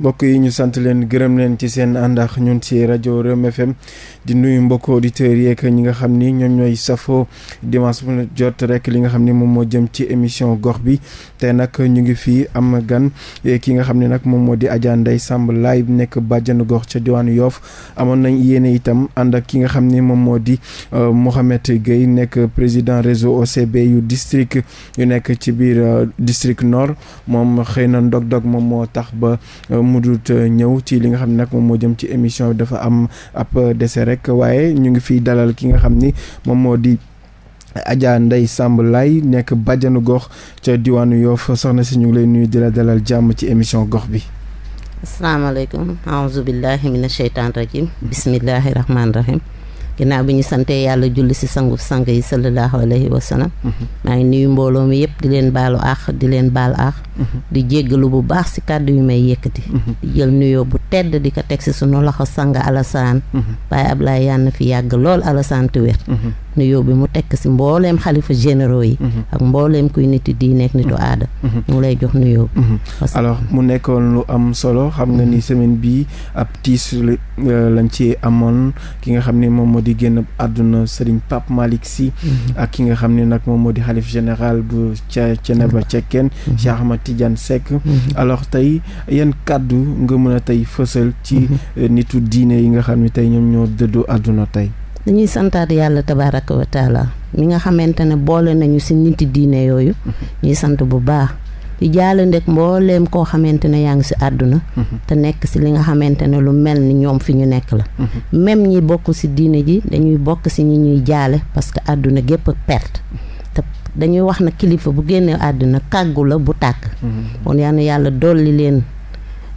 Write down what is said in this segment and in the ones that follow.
mbokk yi ñu sant leen gërëm leen ci seen ànd ak ñun ci rajo Rewmi FM di nuyu mbokk auditeur yeeg ñi nga xam ni ñoom ñooy safo dimanche bu jot rekk li nga xam ni moom moo jëm ci émission gox bi te nag ñu ngi fii am gan ki nga xam ne nag moom moo di Adja Ndeye Samb Laye nekk bàjjanu gox ca diwaan Yoff amoon nañ yéene itam ànd ak ki nga xam ni moom moo di euh, Mohamed Gueye nekk président réseau OCB yu district yu nekk ci biir euh, district nord moom xëy na ndog-ndog moom moo tax ba. Euh, mu mudut eh, ñëw ci li nga xam ne nag moom moo jëm ci émission bi dafa am ab dese rek waaye ñu ngi fiy dalal ki nga xam ni moom moo di Adja Ndeye Samb Laye nekk bajanu gox ca diwaanu Yoff soxna si ñu ngi lay nuyu di la dalal jàmm ci émission gox bi asalaamaaleykum aouzu billahi mina sheytaan rajim mm-hmm. bismillahi rahmaani rahim ginnaaw bi ñu santee yàlla julli si sangu sang yi sallallahu alayhi wa mhm. maa ngi nuyu mbooloo mi yëpp di leen baalu aax di leen baal aax mhm. di jéggalu bu baax si kàddu yu may yëkkati mhm. di jël nuyoo bu tedd di ko teg si sunu loxo sang Alassane waaye Ablaye yàlla na fi yàgg lool Alassane te wér nuyoo bi mu tekk si mbooleem xalifa généraux yi. Mhm. ak mbooleem kuy nit di nekk nitu mhm. aada. Mhm. mu lay jox nuyoo bi. mu nekkoon lu am solo xam nga ni semaine bi ab tiis euh, lañ ci amoon ki nga xam ne moom moo di génn àdduna Serigne Pape Malick ki nga xam ne nag moom moo di xalif général bu ca Thiénaba ca kenn Ahmad Tidiane Seck. alors tey yan kàddu nga mën a tey fësal. ci euh, nitu diine yi nga xam ne tey ñoom ñoo dëddu àdduna tey. dañuy santaat yàlla tabaaraka wa taala mi nga xamante ne boole nañu si niti diine yooyu ñuy sant bu baax di jaale ndek mbooleem koo xamante ne yaa ngi si àdduna mm-hmm. te nekk si li nga xamante ne lu mel ni ñoom fi ñu nekk la mm-hmm. même ñi bokk si diine ji dañuy bokk si ñi ñuy jaale parce que àdduna gépp ak perte dañuy wax na kilifa bu génnee àdduna kàggu la bu tàkk mm-hmm. kon yàlla dolli leen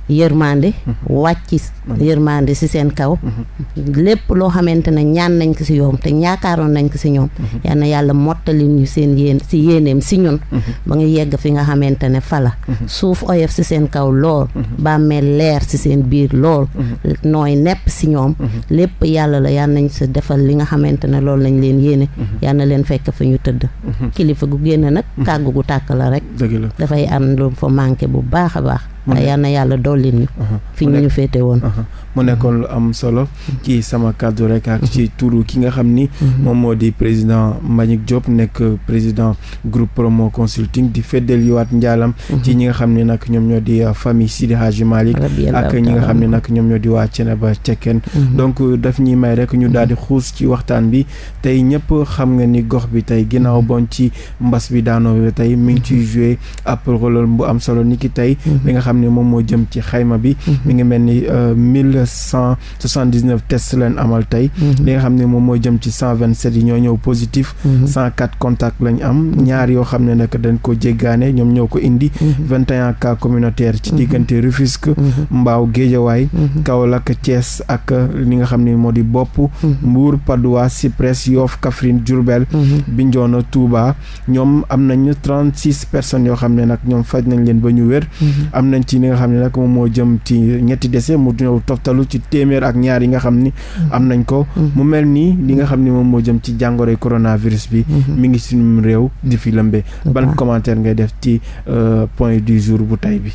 yërmande mhm. wàcc yërmande si seen kaw mhm. lépp loo xamante ne ñaan nañ ko si yoom te ñaakaaroon nañ ko si ñoom mhm. yal yàlla mottali ñu seen yéen si yéeneem si ñun ba nga yegg fi nga xamante ne fala suuf oyof si seen kaw lool bàmmeel leer si seen biir lool nooy nepp si ñoom lépp yàlla la yal nañ si defal li nga xamante ne loolu lañ leen yéene yal leen fekk fi ñu tëdd kilifa gu génn nag kàggu gu tàkk la rek dafay am fa manqué bu baax a baax te yal na yàlla dolli ñu uh-huh. fi ñu ñu féete woon uh-huh. mu nekkoon lu am solo ci sama kàddu rek ak ci uh-huh. turu ki nga xam ni moom moo di président Mbagnick Diop nekk président groupe promo consulting di feddaliwaat njaalam ci ñi nga xam ne nag ñoom ñoo di uh, famille Sidi Hadji Malick ak ñi nga xam ne nag ñoom ñoo di waa Thiénaba Cekkeen donc uh, daf ñuy may rek ñu daal di xuus ci waxtaan bi tey ñëpp xam nga ni gox bi tey ginnaaw bon ci mbas bi daanoo tey mi ngi ciy joué ab rôle bu am solo ni tey li nga xam xam ne moom moo jëm ci xayma bi mhm. mi ngi mel ni euh, mille cent soixante dix neuf tests leen amal tey mhm. li nga xam ne moom moo jëm ci cent vingt sept yi ñoo ñëw positif mhm. cent quatre am ñaar yoo xam ne nag dañ ko jéggaane ñoom ñoo ko indi vingt et un cas communautaire ci diggante Rufisque Mbao Géejawaay Kaolack Thiès ak euh, li nga xam ni moo di bopp Mbour Padoua Cyprès Yoff Kaffrine Diourbel Bignona Touba ñoom am nañu trente six personnes yoo xam ne nag ñoom faj nañ leen ba ñu wér am nañ ci li nga xam ne nag moom moo jëm ci ñetti dese mu ñëw toftalu ci téeméer ak ñaar yi nga xam ni mm-hmm. am nañ ko mm-hmm. mu mel nii li nga xam ne moom moo jëm ci jàngoroy coronavirus bi mm-hmm. mi ngi suñu réew di fi lëmbe ban commentaire ngay def ci euh, point du jour bu tey bi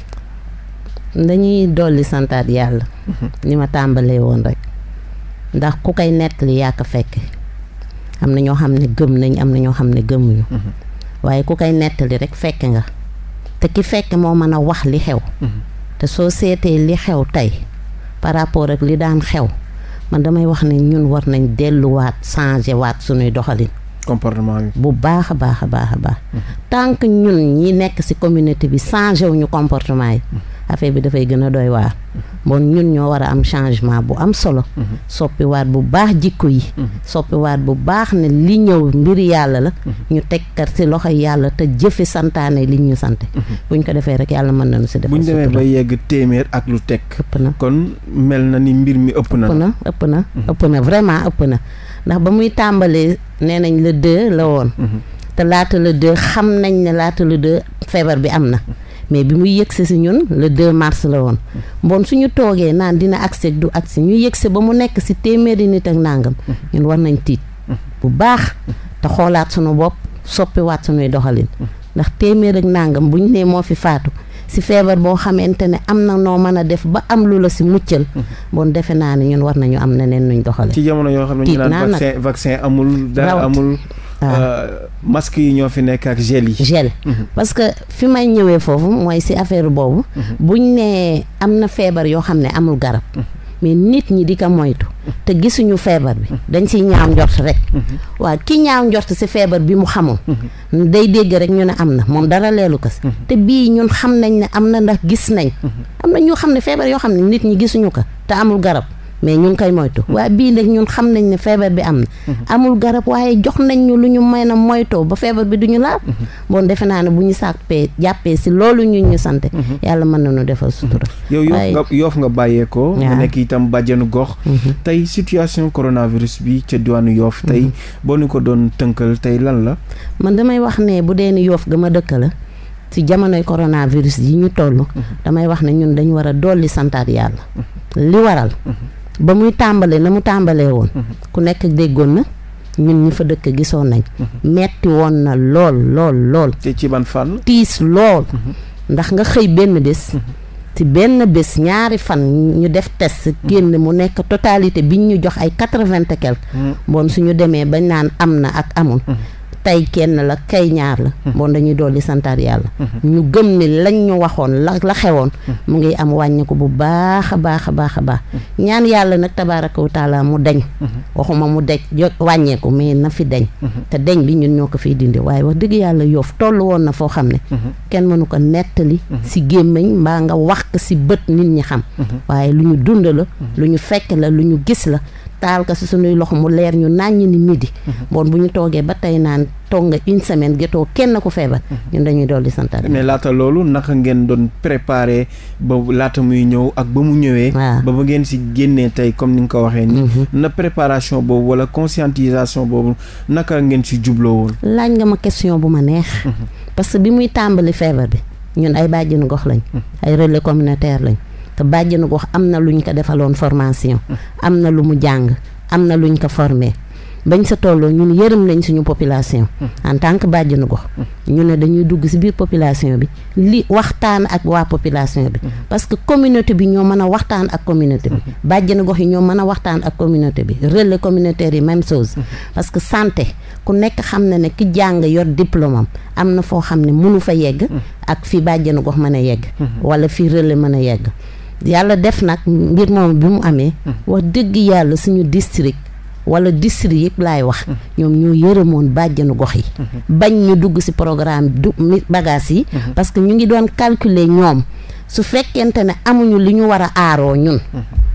dañuy dolli santaat yàlla ni ma tàmbalee woon rek ndax ku koy nettali yaa fekk am na xam ne gëm nañ am na ñoo xam ne gëmuñu waaye ku koy nettali rek fekke nga te ki fekk moo mën a wax li xew. Mhm. te soo seetee li xew tey par rapport ak li daan xew man damay wax ne ñun war nañ delluwaat changé waat suñuy doxalin. comportement bi bu baax a baax a baax a baax. Mhm. tant que ñun ñi nekk ci communauté bi changé wuñu comportement yi. Mm affaire bi dafay gën a doy waa bon ñun ñoo war a am changement bu am solo soppiwaat bu baax jikko yi soppiwaat bu baax ne li ñëw mbir yàlla la ñu tegkat si loxo yàlla te jëfe santaane li ñu sante buñ ko defee rek yàlla mën nañu si def buñ demee ba yegg téeméer ak lu teg ëpp na kon mel na ni mbir mi ëpp na ëpp na ëpp na vraiment ëpp na ndax ba muy tàmbalee nee nañ le la woon mhm. te laata le deux xam nañ ne laata le deux feebar bi am na mais bi muy yëgse si ñun le 2 mars la woon bon ñu toogee naan dina agsi du agsi ñu yëgse ba mu nekk si téeméeri nit ak nàngam ñun war nañ tiit bu baax te xoolaat sunu bopp soppiwaat suñuy doxalin ndax téeméer ak nangam bu ñu nee moo fi faatu si feebar boo xamante ne am na noo mën a def ba am lu la si muccal bon defe naa ni ñun war nañu am na neen nuñ doxale ci jamono yoo xam ne ñu naan vaccin amul dara amul Ah. Euh, masques yi ñoo fi nekk ak gel yi. gel mhm. parce que fi may ñëwee foofu mooy si affaire boobu. Mhm. buñ nee am na feebar yoo xam ne amul garab. Mhm. mais nit ñi di ko moytu. te gisuñu feebar bi. dañ si ñaaw njort rek. waa ki ñaaw njort si feebar bi mu xamul. day dégg rek ñu ne am na moom dara leelu ko si. te bii ñun xam nañ ne am na ndax gis nañ. am na ñoo xam ne feebar yoo xam ne nit ñi gisuñu ko te amul garab. mais ñu ngi koy moytu mm-hmm. waaye bii nag ñun xam nañ ne feebar bi am na mm-hmm. amul garab waaye jox nañ ñu lu ñu may na moytoo ba feebar bi du ñu laal mm-hmm. bon defe naa ne bu ñu sàppee jàppee si loolu ñun ñu sant yàlla mën na ñu defal sutura yow yoof nga yoof nga bàyyeekoo nga nekk itam bàjjenu gox tey situation coronavirus bi ca diwaanu yoof tey boo ñu ko doon tënkal tey lan la man damay wax ne bu dee ni yoof ga ma dëkk la ci jamonoy coronavirus yi ñu toll damay wax ne ñun dañu war a dolli santaat yàlla ba muy tàmbalee na mu tàmbalee woon mm-hmm. ku nekk déggoon na ñun ñu fa dëkk gisoon nañ mm-hmm. metti woon na lool lool lool ci ban fànn tiis lool mm-hmm. ndax nga xëy benn bés ci benn bés ñaari fan ñu def tes génn mu nekk totalité biñ ñu jox ay quatre-vingt et quelque bon suñu demee bañ naan am na ak amul tey kenn la kay ñaar la hmm. bon dañuy dolli santaar yàlla hmm. ñu gëm ni lañ ñu waxoon la la xewoon hmm. mu ngi am wàññiku bu baax a baax a baax a baax ñaan yàlla nag tabaaraka wa taala mu deñ waxuma mu dej wàññeeku mais na fi deñ te deñ bi ñun ñoo ko fiy dindi waaye wax dëgg yàlla yoof toll woon na foo xam ne kenn mënu ko nettali si gémmiñ mbaa nga wax ko si bët nit ñi xam waaye lu ñu dund la lu ñu fekk la lu ñu gis la taal ko si suñuy loxo mu leer ñu nàññ ni midi mhm. bon bu ñu toogee ba tey naan toog nga une semaine gétoo kenn ku feebar mhm. ñun dañuy dolli santaat mais laata loolu naka ngeen doon préparer ba laata muy ñëw ak ba mu ñëwee waaw ba ba ngeen si génnee tey comme ni nga ko waxee ni mhm. na préparation boobu wala conscientisation boobu naka ngeen si jubloo woon laaj nga ma question bu ma neex parce que bi muy tàmbali feebar bi ñun ay bàjjenu gox lañ ay relais communautaire lañ que na gox am na lu ñu ko defaloon formation. am na lu mu jàng am na luñ ko formé. bañ sa tolloo ñun yërëm nañ suñu population. en tant que bàjjenu gox. ñu ne dañuy dugg si biir population bi li waxtaan ak waa population bi. parce que communauté bi ñoo mën a waxtaan ak communauté bi. bàjjenu gox yi ñoo mën a waxtaan ak communauté bi relais communautaire yi même chose. parce que santé ku nekk xam na ne ki jàng yor diplôme am na foo xam ne mënu fa yegg. ak fi bàjjenu gox mën a yegg. wala fi relais mën yàlla def nag ngir moom bi mu amee. Hmm. wax dëgg yàlla suñu district. wala district yi laay wax. Hmm. ñoom ñoo yërëmoon bàjjenu gox yi. Hmm. bañ ñu dugg ci programme du bagages yi. parce que ñu ngi doon calculer ñoom su fekkente ne amuñu li ñu war a aaroo ñun.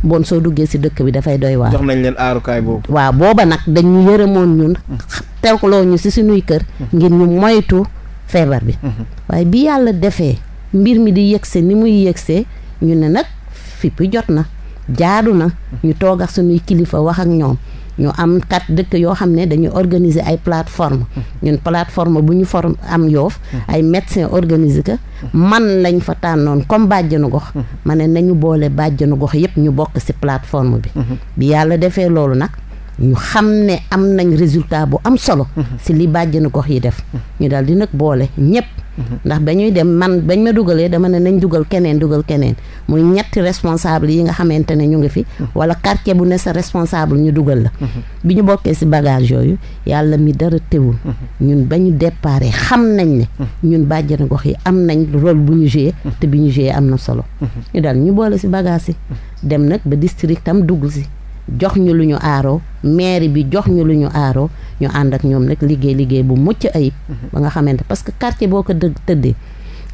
bon soo duggee ci dëkk bi dafay doy waar. jox nañ leen aarukaay boobu. waa booba nag dañ ñu yërëmoon ñun. teewloo ñu ci suñuy kër. ngir ñu moytu feebar bi. waaye bi yàlla defee mbir mi di yëgse ni muy yëgsee ñu ne nag. fipp jot na jaadu na ñu toog ak suñuy kilifa wax ak ñoom ñu am kat dëkk yoo xam ne dañuy organiser ay plateforme ñun plateforme bu ñu for am yoof ay médecin organiser ko man lañ fa tànnoon comme bàjjanu gox ma ne nañu boole bàjjanu gox yépp ñu bokk ci plateforme bi bi yàlla defee loolu nag ñu xam ne am nañ résultat bu am solo ci li bàjjanu gox yi def ñu daal di boole ñépp ndax ba ñuy dem man bañ ma dugalee dama ne nañ dugal keneen dugal keneen muy ñetti responsable yi nga xamante ne ñu ngi fi wala quartier bu ne sa responsable ñu dugal la bi ñu bokkee si bagage yooyu yàlla mi dara teewul ñun ba ñu déparé xam nañ ni ñun bàjjana gox yi am nañ rôle bu ñu joué te bi ñu joué am na solo ñu dal ñu boole si bagage yi dem nag ba district am dugg si jox ñu lu ñu aaroo mairie bi jox ñu lu ñu aaroo ñu ànd ak ñoom nag liggéey liggéey bu mucc ayib. Mhm. ba nga xamante parce que quartier boo ko dë tëddee.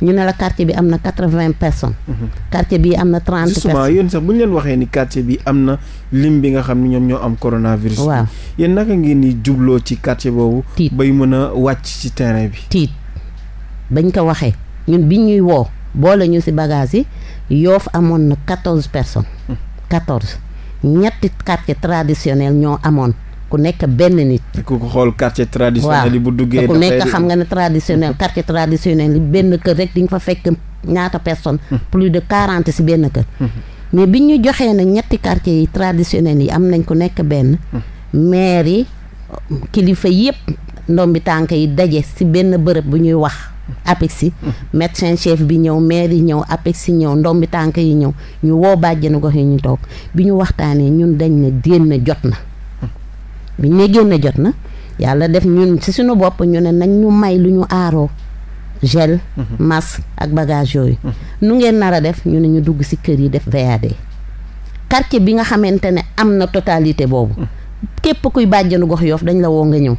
ñu ne la quartier bi am na quatre-vingts personnes. Mhm. quartier bi am na trente personnes. justement sax bu ñu leen waxee ni quartier bi am na lim bi nga xam ni ñoom ñoo am coronavirus. waaw yéen naka ngeen di jubloo ci quartier boobu. tiit bay mën a wàcc ci terrain bi. tiit bañ ko waxee ñun bi ñuy woo boole ñu si bagage yi Yoff amoon na personne personnes. Mhm. ñetti quartier traditionnel ñoo amoon ku nekk benn nit. ku xool quartier traditionnel yi bu duggee ku nekk xam nga ne traditionnel quartier traditionnel yi benn kër rek di nga fa fekk ñaata personne hmm. plus de quarante si benn kër. Hmm. mais bi ñu joxee na ñetti quartier yi traditionnel yi am nañ ku nekk benn. Hmm. maire yi kilifa yëpp ndombi tànk yi daje si benn bërëb bu ñuy wax. APECSY médecin chef bi ñëw maire yi ñëw APECSY ñëw ndombi tànk yi ñëw ñu woo bàjjenu gox yi ñu toog bi ñu waxtaanee ñun dañ ne génn jot na biñ ne génn jot na yàlla def ñun ci suñu bopp ñu ne nag ñu may lu ñu aaroo gel masque ak bagage yooyu nu ngeen nar a def ñu ne ñu dugg ci kër yi def VAD quartier bi nga xamante ne am na totalité boobu képp kuy bàjjenu gox yoof dañ la woo nga ñëw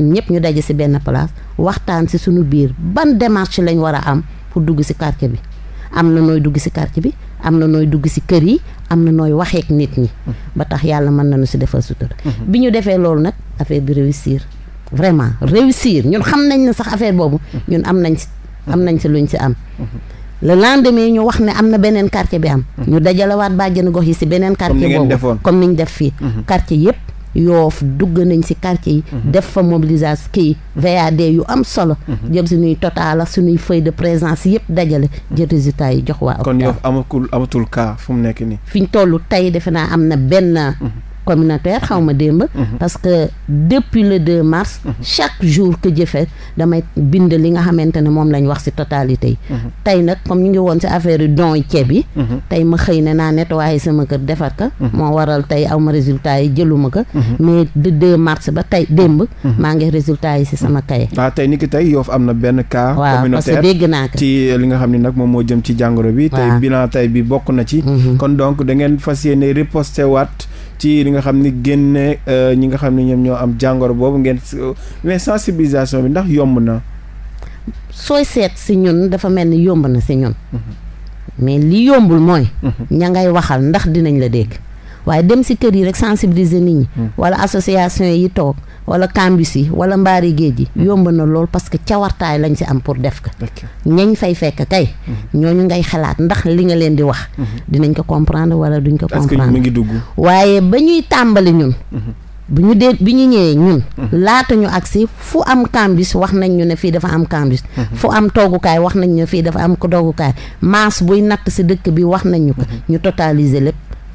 ñëpp ñu daje si benn place waxtaan si suñu biir ban démarche lañ war a am pour dugg si quartier bi am na nooy dugg si quartier bi am na nooy dugg si kër yi am na nooy waxee nit ñi. ba tax yàlla mën nañu si defal sutura. bi ñu defee loolu nag affaire bi réussir vraiment réussir ñun xam nañ ne sax affaire boobu. ñun am nañ si am nañ si luñ si am. le lendemain ñu wax ni am na beneen quartier bi am. ñu dajalewaat bàjjenu gox yi si beneen. quartier boobu comme ni ñu def fii. Mhm. quartier yëpp. yoof dugg nañ si quartier yi. Mhm. def fa mobilisation kii VAD yu am solo. Mhm. jël suñuy total ak suñuy feuille de présence yëpp dajale. Mhm. jël résultat yi jox waa. kon yoof amatul amatul cas fu mu nekk nii. fi ñu toll tey defe naa am na benn. communautaire xaw ma démb. Mhm. parce que depuis le 2 mars. Mhm. chaque jour que jëfee damay bind li nga xamante ne moom lañ wax ci totalité yi. Mhm. tey nag comme ñu ngi woon ci affaire yu don yi ceeb yi. tey ma xëy ne naa nettoyé sama kër ma résultat yi jëluma ko. mais le 2 mars ba tey démb. maa ngi résultat yi ci sama kaye. waaw ah, tey ni ki tey am na benn cas. communautaire dégg naa ko ci li nga xam ne nag moom moo jëm ci jàngoro bi. tey bilan tey bi bokk na ci. kon donc da ngeen fas yéene riposté waat. ci li nga xam ni génne euh, ñi nga xam ne ñoom ñoo am jàngoro boobu ngeen mais sensibilisation bi ndax yomb na. sooy seet si ñun dafa mel ni yomb na si ñun. Mm-hmm. mais li yombul mooy. Mm-hmm. ña ngay waxal ndax dinañ la dégg. waaye dem si kër yi rek sensibiliser nit ñi. Hmm. wala association yi toog wala campus yi wala mbaari géej yi. Hmm. yomb na lool parce que cawartaay lañ si am pour def ko. ñañ fay fekk kay. Hmm. ñu ngay xalaat ndax li nga leen di wax. dinañ ko comprendre wala duñ ko. comprendre ngi dugg. waaye ba ñuy tàmbali ñun. bu ñu dee bi ñu ñëwee ñun. laata ñu agsi fu am campus wax nañ ñu ne fii dafa am campus. fu am toogukaay wax nañ ñu ne fii dafa am toogukaay maas buy natt si dëkk bi wax nañ ñu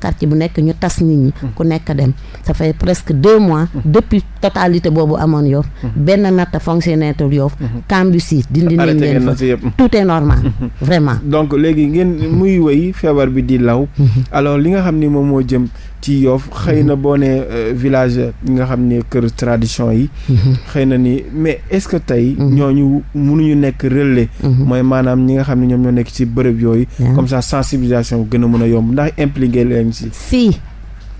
quartier bu nekk ñu tas nit ñi. Mm. ku nekk dem ça fait presque deux mois. Mm. depuis totalité boobu amoon Yoff. Mm. benn natt fonctionnaire Yoff. campus yi dindi nañ leen fa tout est normal mm-hmm. vraiment. donc léegi ngeen muy woy feebar bi di law. Mm-hmm. alors li nga xam ni moom moo jëm. ci Yoff xëy na mhm. boo ne euh, village yi nga xam ne kër tradition yi mhm. xëy na ni mais est-ce que tey mhm. ñooñu mënuñu nekk relais mooy maanaam ñi nga xam ne ñoom ñoo nekk ci bërëb yooyu comme ça sensibilisation gën a mën a yomb ndax impliqué leen si si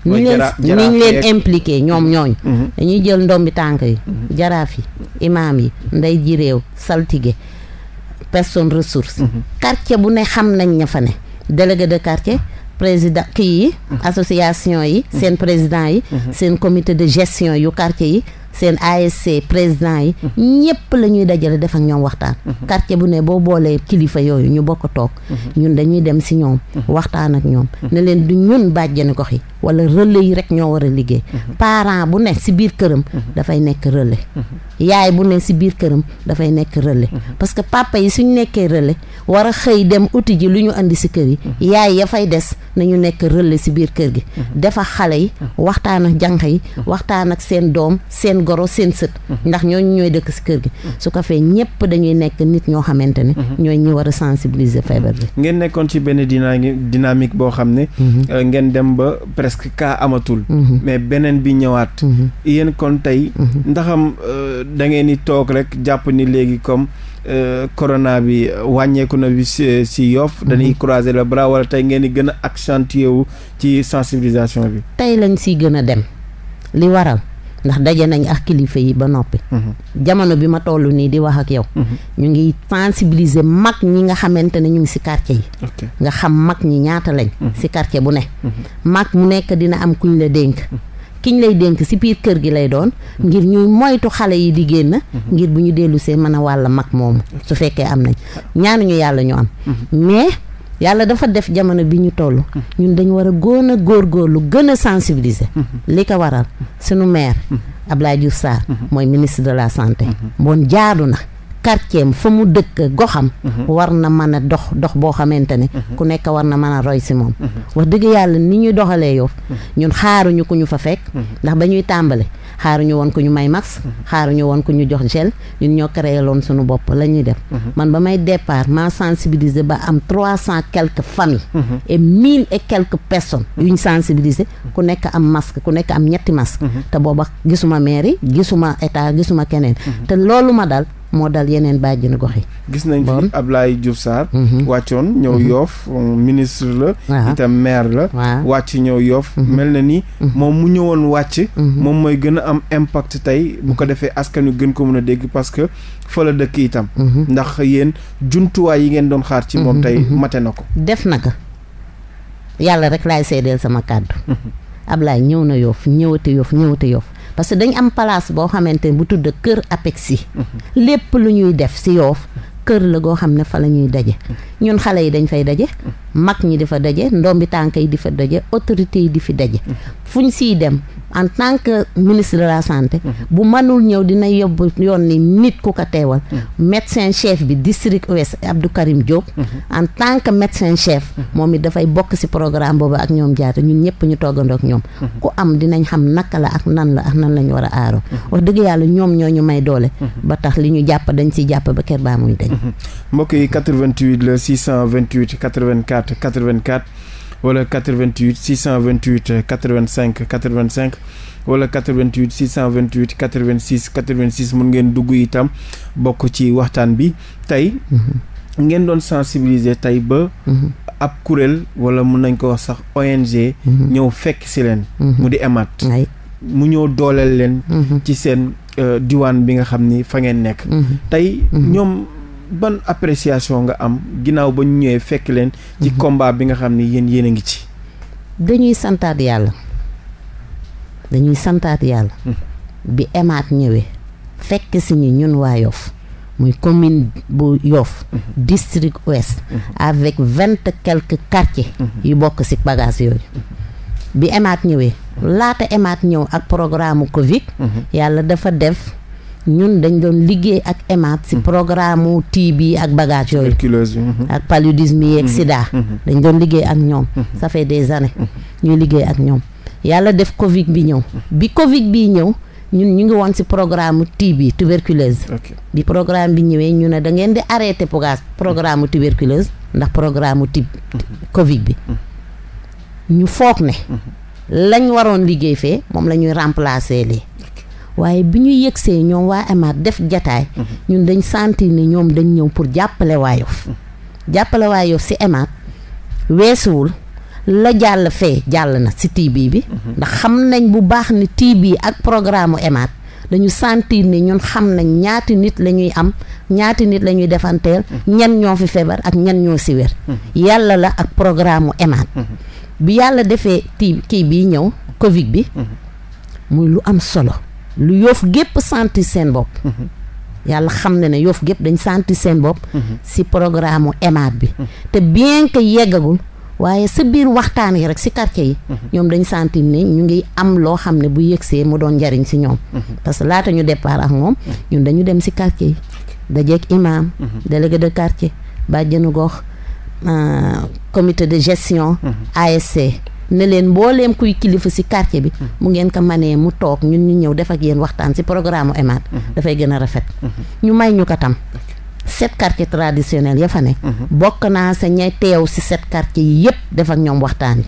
ñu leen ni leen impliqué ñoom ñooñu dañuy jël ndombi tànk yi jaraaf yi imaam yi nday ji réew saltige personne ressource quartier bu ne xam nañ ña fa ne délégué quartier président kii yi mhm. association yi seen mhm. président yi mhm. seen comité de gestion yu quartier yi seen ASC président yi ñëpp la ñuy dajale def ak ñoom waxtaan quartier bu ne boo boolee kilifa yooyu ñu bokk toog ñun dañuy dem si ñoom waxtaan ak ñoom ne leen du ñun bàjjani gox yi wala relais yi rek ñoo war a liggéey parent bu ne si biir këram dafay nekk relais yaay bu ne si biir këram dafay nekk relais parce que papa yi suñ nekkee relais war a xëy dem uti ji lu ñu indi si kër yi yaay ya fay des nañu nekk relais si biir kër gi defa xale yi waxtaan ak jànq yi goro seen sët ndax ñooñu ñooy dëkk si kër gi su ko fee ñëpp dañuy nekk nit ñoo xamante ne mhm. ñooy ñi war a sensibiliser feebar bi ngeen nekkoon ci benn dynamique dynamique boo xam ne mhm. euh, ngeen dem ba presque kaa amatul mhm. mais beneen bi ñëwaat yéen kon tey ndaxam euh, da ngeen di toog rek jàpp ni léegi comme Uh, corona bi wàññeeku na bi si si Yoff dañuy croiser la bras wala tey ngeen di gën a accentuer wu ci sensibilisation bi tey lañ si gën a dem li waral ndax daje nañ ak kilifa yi ba noppi. Mhm. jamono bi ma toll nii di wax ak yow. Mhm. ñu ngi sensibiliser mag ñi nga xamante ne ñu ngi si quartier yi. nga xam mag ñi ñaata lañ. Mhm. si quartier bu ne. mag mu nekk dina am kuñ la dénk. kiñ lay dénk si biir kër gi lay doon ngir ñuy moytu xale yi di génn ngir bu ñu dellusee mën a wàll mag moomu su fekkee am nañ ñaanuñu yàlla ñu am mais yàlla dafa def jamono bi ñu toll. Hmm. ñun dañu war a góon a góor góor lu gën a sensibiliser. Hmm. li ko waral hmm. sunu maire. Abdoulaye Diouf Sarr. mooy ministre de la santé. bon jaadu na. quartier am fa mu dëkk goxam. Mhm. war na mën dox dox boo xamante ne. Mhm. ku nekk war na mën a roy si moom. Mhm. wax dëgg yàlla ni ñuy doxalee yow. ñun xaaruñu ku ñu fa fekk. ndax ba ñuy tàmbale xaaruñu woon ku ñu may max. xaaruñu woon ku ñu jox gel ñun ñoo créé loon suñu bopp la ñuy def. man ba may départ maa sensibiliser ba am trois cent quelque familles. et mille et quelques personnes. yuñ ku nekk am masque ku nekk am ñetti masque. te booba gisuma mairie gisuma état gisuma keneen. moo dal yeneen bàjjenu gox yi. gis nañ fi Ablaye Diouf Sarr. Mhm. wàccoon ñëw mhm. yoof ministre la. waaw itam maire la. wàcc ñëw yoof mhm. mel na ni. moom mu ñëwoon wàcc. moom mooy gën a am impact tey bu ko defee askan wi gën ko mën a dégg parce que fa la dëkk itam. ndax yéen jumtuwaay yi ngeen doon xaar ci moom tey mate na ko. def na ko yàlla rek laay seedeel sama kàddu. Ablaye ñëw na yoof ñëwate yoof ñëwate yoof parce que dañ am place boo xamante bu tudd kër si mhm. lépp lu ñuy def si yoof kër la goo xam ne fa la ñuy daje mhm. ñun xale yi dañ fay daje mhm. mag ñi di fa daje ndombi tànk yi di fa daje autorité yi di fi daje fuñ siy dem en tant que ministre de la santé. Mhm. bu mënul ñëw dina yóbbu yoon ni nit ku ko teewal. Mhm. médecin chef bi district ouest Abdou Karim Diop. Mhm. en tant que médecin chef. moom it dafay bokk ci programme boobu ak ñoom jaata ñun ñëpp ñu toggandook ñoom. ku am dinañ xam naka la ak nan la ak nan la ñu war a aaroo. wax dëgg yàlla ñoom ñoo ñu may doole. ba tax li ñu jàpp dañ ciy jàpp ba kër baa muy dañ. mbokk yi 88 la 628 84 84. wala 88 628 85 85 wala 88 628 86 86 mun ngeen dugg itam bokk ci waxtaan bi tey. Mhm. ngeen doon sensibiliser tey ba. Mhm. ab kuréel wala mun nañ ko wax sax ONG. Mhm. ñëw fekk si leen. mu di EMAD. mu ñëw dooleel leen. ci seen euh, diwaan bi nga xam ni fa ngeen nekk. tey ñoom. ban appréciation nga am ginnaaw ba ñu ñëwee fekk leen. ci mhm. combat bi nga xam ne yéen yéen a ngi ci. dañuy santaat yàlla dañuy santaat yàlla. Mhm. bi emaat ñëwee. fekk si ñu ñun waa Yoff muy commune bu Yoff mhm. district ouest. avec vingt quelques quartiers. yi bokk si bagage yooyu. bi emaat ñëwee. laata emaat ñëw ak programme Covid. yàlla dafa def. ñun dañ doon liggéey ak EMAD si mhm. programme mu TB ak bagage yooyu mhm. ak paludisme yi ak mhm. sida dañ doon liggéey ak ñoom sa fait des années ñuy liggéey ak ñoom yàlla def covid bi ñëw bi covid bi ñëw ñun ñu ngi woon si programme TB tuberculose bi programme bi ñëwee ñu ne da ngeen di arrêté pogas programme tuberculose ndax programme tib covid bi ñu foog ne lañ waroon liggéey fee moom la ñuy remplacer lii waaye bi ñu yegsee ñoom waa amaat def jataay mhm. ñun dañ sentir ni ñoom dañ ñëw pour jàppale waa Yoff mhm. jàppale waa Yoff weesuwul la jàll fee jàll na ci TV bi mhm. ndax xam nañ bu baax ni TV ak programme emaat dañu sentir ni ñun xam nañ ñaati nit lañuy am ñaati nit lañuy defanteel ñan ñoo fi feebar ak ñan ñoo si wér yàlla la ak programme emaat bi yàlla defee ti kii bii ñëw Covid bi muy lu am solo lu yoof gépp sentir seen bopp yàlla xam na ne yoof gépp dañ sentir seen bopp si programme EMAD bi te bien que yeggagul waaye sa biir waxtaan yi rek si quartier yi ñoom dañ sentir ne ñu ngi am loo xam ne bu yëgsee mu doon njariñ si ñoom parce que laata ñu départ ak moom ñun dañu dem si quartier yi dajeeg imam délégué de quartier bàjjenu gox euh, comité de gestion ASC ne leen mbooleem kuy kilifa si quartier bi hmm. mu ngeen ko manee mu toog ñun ñu ñëw def ak yéen waxtaan si programme u EMAD hmm. dafay gën a rafet hmm. ñu may ñu ko tam sept quartiers traditionnels ya fa ne bokk naa sa ña teew si set quartiers yi yëpp def ak ñoom waxtaan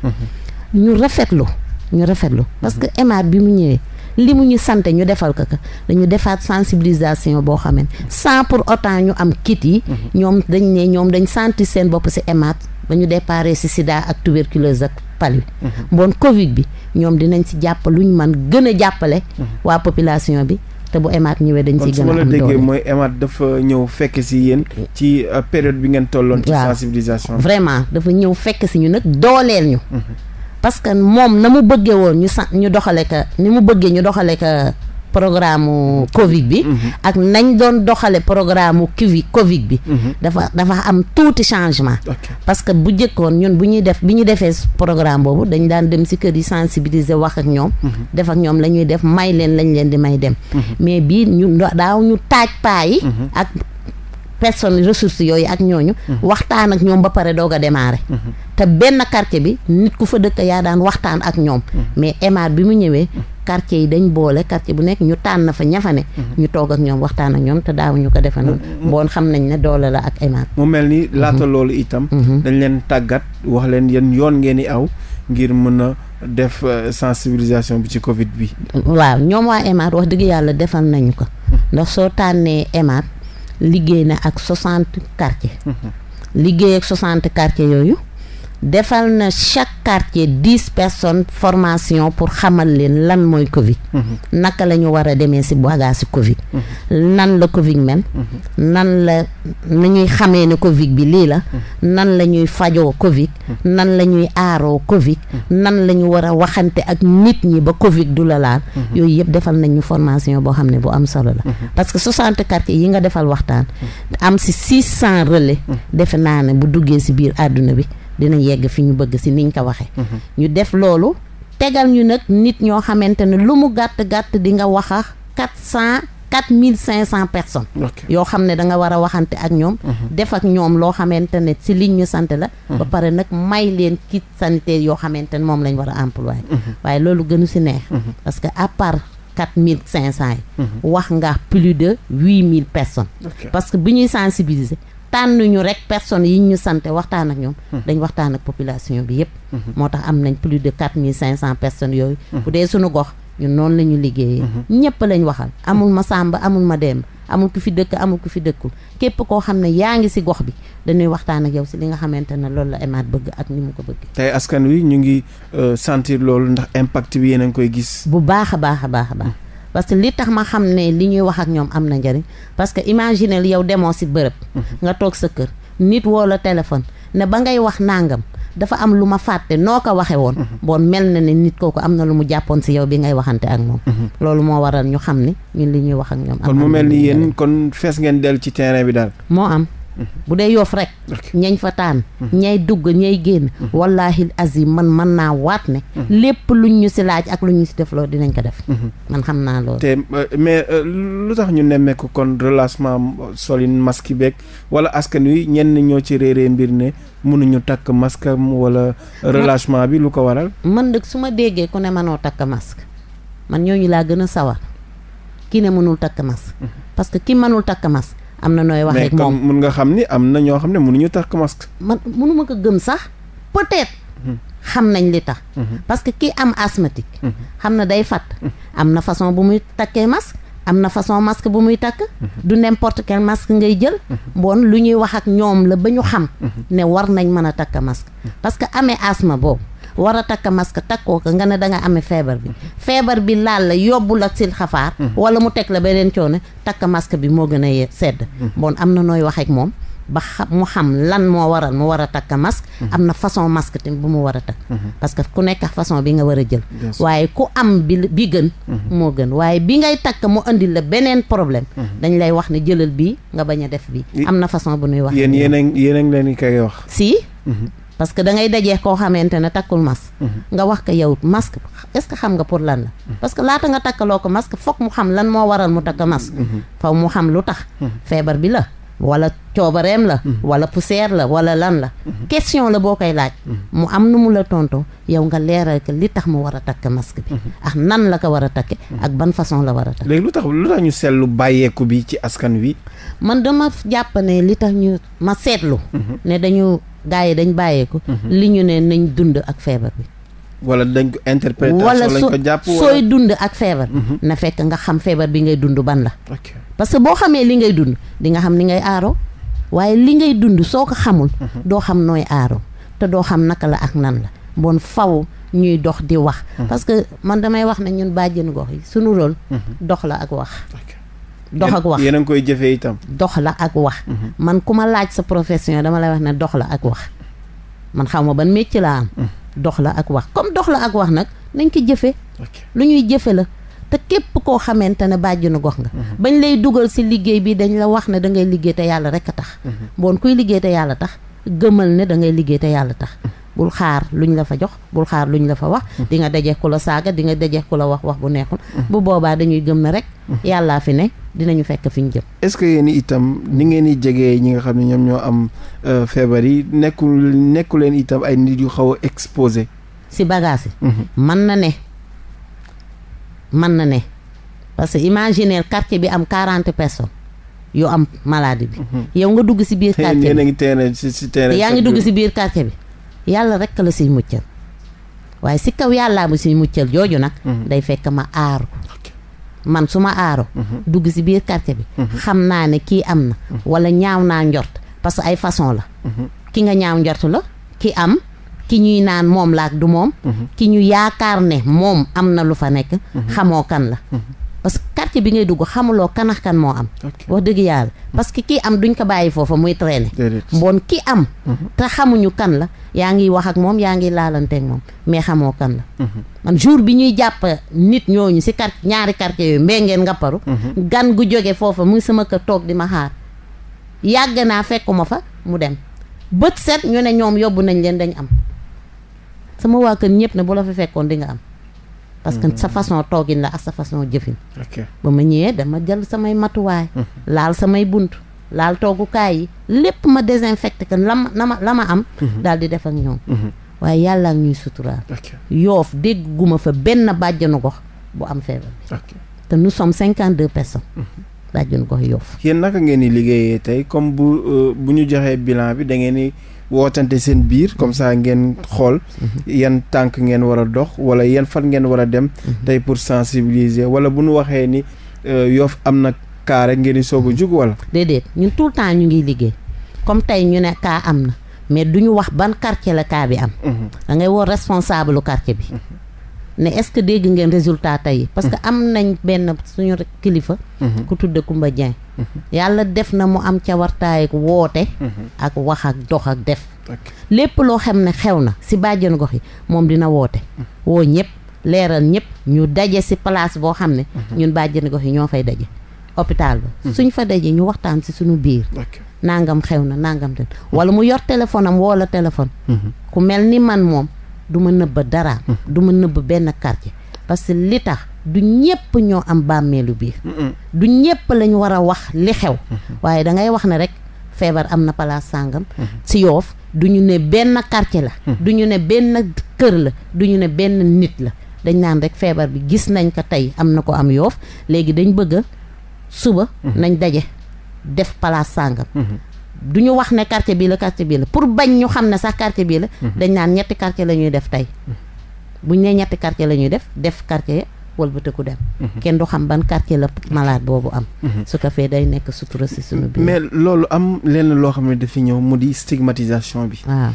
yi ñu rafetlu ñu rafetlu parce que EMAD bi mu ñëwee li mu ñu sant ñu defal ko dañu defaat sensibilisation boo xam ne sans pour autant ñu am kit yi ñoom dañ ne ñoom dañ sentir seen bopp si EMAD ba ñu déparé ci sida ak tuberculose ak palu mhm. bon covid bi ñoom dinañ ci jàpp luñ man gën a jàppale mhm. waa population bi te bu emaat ñëwee dañ ci gën a am doole kon su ma la mooy emaat dafa ñëw fekk si yéen ci euh, période bi ngeen tolloon ci sensibilisation vraiment dafa ñëw fekk si ñu nag dooleel ñu mhm. parce que moom na mu bëggee woon ñu san ñu doxale ka ni mu bëggee ñu doxale ka programme Covid bi. Mhm. ak nañ doon doxale programme kivi Covid bi. Mhm. dafa dafa am tuuti changement. parce que bu njëkkoon ñun bu ñuy def bi ñu defee programme boobu dañ daan dem si kër yi sensibiliser wax ak ñoom. Mhm. def ak ñoom la ñuy def may leen lañ leen di may dem. mais bii ñu daaw ñu taaj paayi ak personne ressources yooyu ak ñooñu. waxtaan ak ñoom ba pare doog a démarrer. te benn quartier bi nit ku fa dëkk yaa daan waxtaan ak ñoom. mais Emar bi mu ñëwee. quartier yi dañ boole quartier bu nekk ñu tànn fa ñafane mhm. ñu toog ak ñoom waxtaan ak ñoom te daaw ko defe noonu xam nañ ne doole la ak émaat mu mel ni mhm. laata loolu itam mhm. dañ leen tàggat wax leen yéen yoon ngeen di aw ngir mën a def euh, sensibilisation bi ci covid bi waaw ñoom waa émaat wax dëgg yàlla defal nañu ko ndax soo tànnee émaat liggéey na ak soixante quartier liggéey ak soixante quartier yooyu defal na chaque quartier dix personnes formation pour xamal leen lan mooy Covid. Mhm. naka la ñu war demee si bagage Covid. Mhm. nan la Covid mel. Mhm. nan la na ñuy xamee ne Covid bi lii la. nan la ñuy fajoo Covid. nan la ñuy aaroo Covid. nan la ñu war a waxante ak nit ñi ba Covid du la laal. yooyu yëpp defal nañ ñu formation boo xam ne bu am solo la. parce que soixante quartiers yi nga defal waxtaan. am si six cent relais. defe naa ne bu duggee si biir àdduna bi. dinañ yegg fi ñu bëgg si niñ ko waxee. Mhm. ñu def loolu tegal ñu nag nit ñoo xamante ne lu mu gàtt gàtt di nga wax ak quatre cent quatre mille cinq cent personnes. yoo xam ne da nga war a waxante ak ñoom. Mhm. def ak ñoom loo xamante ne si liñ ñu sant la. ba mhm. pare nag may leen kit sanitaire yoo xamante ne moom lañ war a employé. waaye loolu gënu si neex. parce que à part quatre mille cinq cent yi. wax nga plus de huit mille personnes. parce que bi ñuy sensibiliser. tànnuñu rek personnes yi ñu sant waxtaan ak ñoom hmm. dañ waxtaan ak population bi yëpp hmm. hmm. moo tax am nañ plus de quatre mille cinq cent personnes yooyu bu dee suñu gox ñun noonu la ñu liggéeyee ñëpp lañ waxal amul ma sàmba amul ma dem amul ku fi dëkk amul ku fi dëkkul képp koo xam ne yaa ngi si gox bi dañuy waxtaan ak yow si li nga xamante ne loolu la EMAD bëgg ak ni mu ko bëgg tey askan wi ñu ngi euh, santir loolu ndax impact bi yéen a koy gis bu baax a baax a baax a baax parce que li tax ma xam ne li ñuy wax ak ñoom am na njëriñ parce que imaginel yow demoo si bërëb. Mhm. nga toog sa kër nit woo la téléphone ne ba ngay wax nangam. dafa am lu ma fàtte noo ko waxee woon. Mhm. bon mel na ne nit kooku am na lu mu jàppoon si yow bi ngay waxante ak moom. Mhm. loolu moo waral ñu xam ni ñun li ñuy wax ak ñoom. am kon mu mel ni yéen kon fees ngeen dellu ci terrain bi daal. moo am. bu dee yoof rek ñañ fa taan mhm. ñay dugg ñay génn mhm. wallahi azim man man naa waat ne mhm. lépp luñ ñu si laaj ak lu ñu si def defloo dinañ ko def man xam naa loolu te euh, mais euh, lu tax ñu nemmeeku kon relâchement solin masque beeg wala askan wi ñenn ñoo ci réeree mbir ne mënuñu takk masque am wala relâchement bi lu ko waral man dëgg su ma déggee ku ne manoo takk masque man ñooñu laa gën a sawar ki ne mënul takk masque parce ki mënul takk masque am na nooy waxee ak moom mais mun nga xam ni am na ñoo xam ne mënuñu takk masque. man mënuma ko gëm sax peut hmm. xam nañ li tax. Hmm. parce que kii am asthmatique. Hmm. xam na day fàtt. am na façon bu muy takkee masque. am na façon masque bu muy takk. du n'importe quel masque ngay jël. bon lu ñuy wax ak ñoom la ba ñu xam. ne war nañ mën a takk masque. parce que amee asma boobu. war a takk masque takkoo ko nga ne danga nga amee feebar bi feebar bi laal la yóbbu la sil xafaar mhm. wala mu teg la beneen coono takk masque bi moo gën a sedd mhm. bon am na nooy wax ak moom ba xam mu xam lan moo waral mu war a takk masque mhm. am na façon masque tamit bu mu war a takk parce que ku nekk façon bi nga war a jël waaye ku am bi bi gën moo gën waaye bi ngay takk mu indi la beneen problème dañ lay wax ne jëlal bii nga bañ a def bii am na façon bu ñuy wax yéen yéen a ngi leen koy wax si parce que da ngay dajee koo xamante ne takkul masque. Mhm. nga wax ko yow masque est ce que xam nga pour lan la. Mhm. parce que laata nga takkaloo ko masque foog mu xam lan moo waral mu takk masque. Mhm. faw mu xam lu tax. feebar bi la. wala coobareem la. wala poussière la wala lan la. question la boo koy laaj. mu am nu mu la tontoo yow nga leeral ko li tax mu war a takk masque bi. ak nan la ko war a takke ak ban façon la war a takk. léegi lu tax lu ñu seetlu bàyyeeku bi ci askan wi. man da jàpp ne li tax ñu ma seetlu. gars yi dañ bàyyeeku. Mhm. li ñu ne nañ dund ak feebar bi. wala dañ ko interprétation lañ ko sooy dund ak feebar. Mhm. na fekk nga xam feebar bi ngay dund ban la. parce que boo xamee li ngay dund di nga xam ni ngay aaroo waaye li ngay dund soo ko xamul. Mhm. doo xam nooy aaroo te doo xam naka la ak nan la bon faw ñuy dox di wax. parce que man damay wax na ñun bàjjen gox yi sunu lool dox la ak wax. dox ak wax yéen koy jëfee itam. dox la ak wax. Mhm. man ku ma laaj sa profession dama lay wax ne dox la ak wax man xaw ma ban métier laa am. Mhm. dox la ak wax comme dox la ak wax nag nañ ko jëfee. lu ñuy jëfe la. te képp koo xamante ne nu gox nga. Mhm. bañ lay dugal si liggéey bi dañ la wax ne da ngay liggéey te yàlla rek a tax. bon kuy liggéey te yàlla tax gëmal ne da ngay liggéey te yàlla tax. bul xaar luñ la fa jox bul xaar luñ la fa wax mm. di nga daje ku la saaga di nga daje ku la wax wax bu neexul mm. bu boobaa dañuy gëm ne rek mm. yàllaa fi ne dinañu fekk fi ñu jëm est-ce que yéen itam ni ngeen di jegee ñi nga xam ne ñoom ñoo am euh, feebar yi nekkul nekku leen itam ay nit yu xaw a exposé si bagage yi mm-hmm. mën na ne mën na ne parce que imaginer quartier bi am quarante personnes yoo am maladie bi mm-hmm. yow nga dugg si biir quartier bi yaa ngi dugg si biir quartier bi yàlla rek la siy muccal waaye si kaw yàllaa ma siy muccal jooju nag. Mhm. day fekk ma aaru. man su ma aaro mhm. dugg si biir quartier bi. Mhm. xam naa ne kii am na. wala ñaaw naa njort parce que ay façon la. ki nga ñaaw njort la ki am. ki ñuy naan moom laa ak du moom. ki ñu yaakaar ne moom am na lu fa nekk. xamoo kan la. parce que bi ngay dugg xamuloo kanax kan moo am. wax dëgg yàlla parce que kii am duñ ko bàyyi foofa muy traîner. bon ki am. Mhm. te xamuñu kan la yaa ngi wax ak moom yaa ngi laalanteeg moom mais xamoo kan la. Mhm. man jour bi ñuy jàpp nit ñooñu si quartier ñaari quartier yooyu mbéngeen nga paru mhm. gan gu jóge foofa mu ngi sama kër toog di ma xaar. yàgg naa fekkuma fa mu dem bët set ñu ne ñoom yóbbu nañ leen dañ am sama waa kër ñëpp ne bu la fa fekkoon di am. parce que mhm. sa façon toogin la ak sa façon jëfin ba ma ñëwee dama jël samay matuwaay mhm. laal samay bunt laal toogukaay yi lépp ma désinfecté que la ma la ma la ma am mhm. daal di def ak ñoom waaye yàllaa ngi ñuy suturaal yoof dégg fa benn bàjjanu gox bu am feebar bi te nous sommes cinquante deux personnes bàjjanu gox yoof yéen naka ngeen di liggéeyee tey comme bu euh, bu ñu joxee bilan bi da ngeen wootante seen biir comme ça ngeen xool yan tànk ngeen war a dox wala yan fan ngeen war a dem tey pour sensibiliser wala bu nu waxee ni euh, yoof am na kaa ngeen di soog a jug wala déedéet ñun tout le temps ñu ngi liggéey comme tey ñu ne kaa am na mais du ñu wax ban quartier la kaa bi am mhm. da ngay woo responsable bi mhm. ne est-ce que dégg ngeen résultat tey. parce que am nañ benn suñu kilifa. Mhm. ku tudd Kumba Dieng. Mhm. yàlla def na mu am cawartaay woote. Mhm. ak wax ak dox ak def. lépp loo xam ne xew na si bàjjen gox yi moom dina woote. woo ñëpp leeral ñëpp ñu daje si place boo xam ne. ñun bàjjen gox yi ñoo fay daje. hôpital ba suñ fa daje ñu waxtaan si suñu biir. nangam xew na nangam ten wala mu yor téléphone am woo la téléphone. ku mel ni man moom. du ma nëbb dara. Mm-hmm. du ma nëbb benn quartier. parce que li tax du ñëpp ñoo am bàmmeelu biir. du ñëpp lañ war a wax li xew. Mm-hmm. waaye da ngay wax ne rek feebar am na palaas sàngam. si mm-hmm. yoof du ñu ne benn karce la. du ñu ne benn kër la. du ñu ne benn nit la. dañ naan rek feebar bi gis nañ ko tey am na ko am yoof léegi dañ bëgg suba. nañ daje def palaas sàngam. du ñu wax ne quartier bii la quartier bii la pour bañ ñu xam ne sax quartier bii la. Mhm. dañ naan ñetti quartier la ñuy def tey. Mhm. bu ñu nee ñetti quartier la ñuy def def quartier wëlbatiku dem. Mhm. kenn du xam ban quartier la malade boobu am. su ko fee day nekk sutura si suñu biir. loolu am lenn loo xam ne dafi ñëw mu di stigmatisation bi. waaw ah.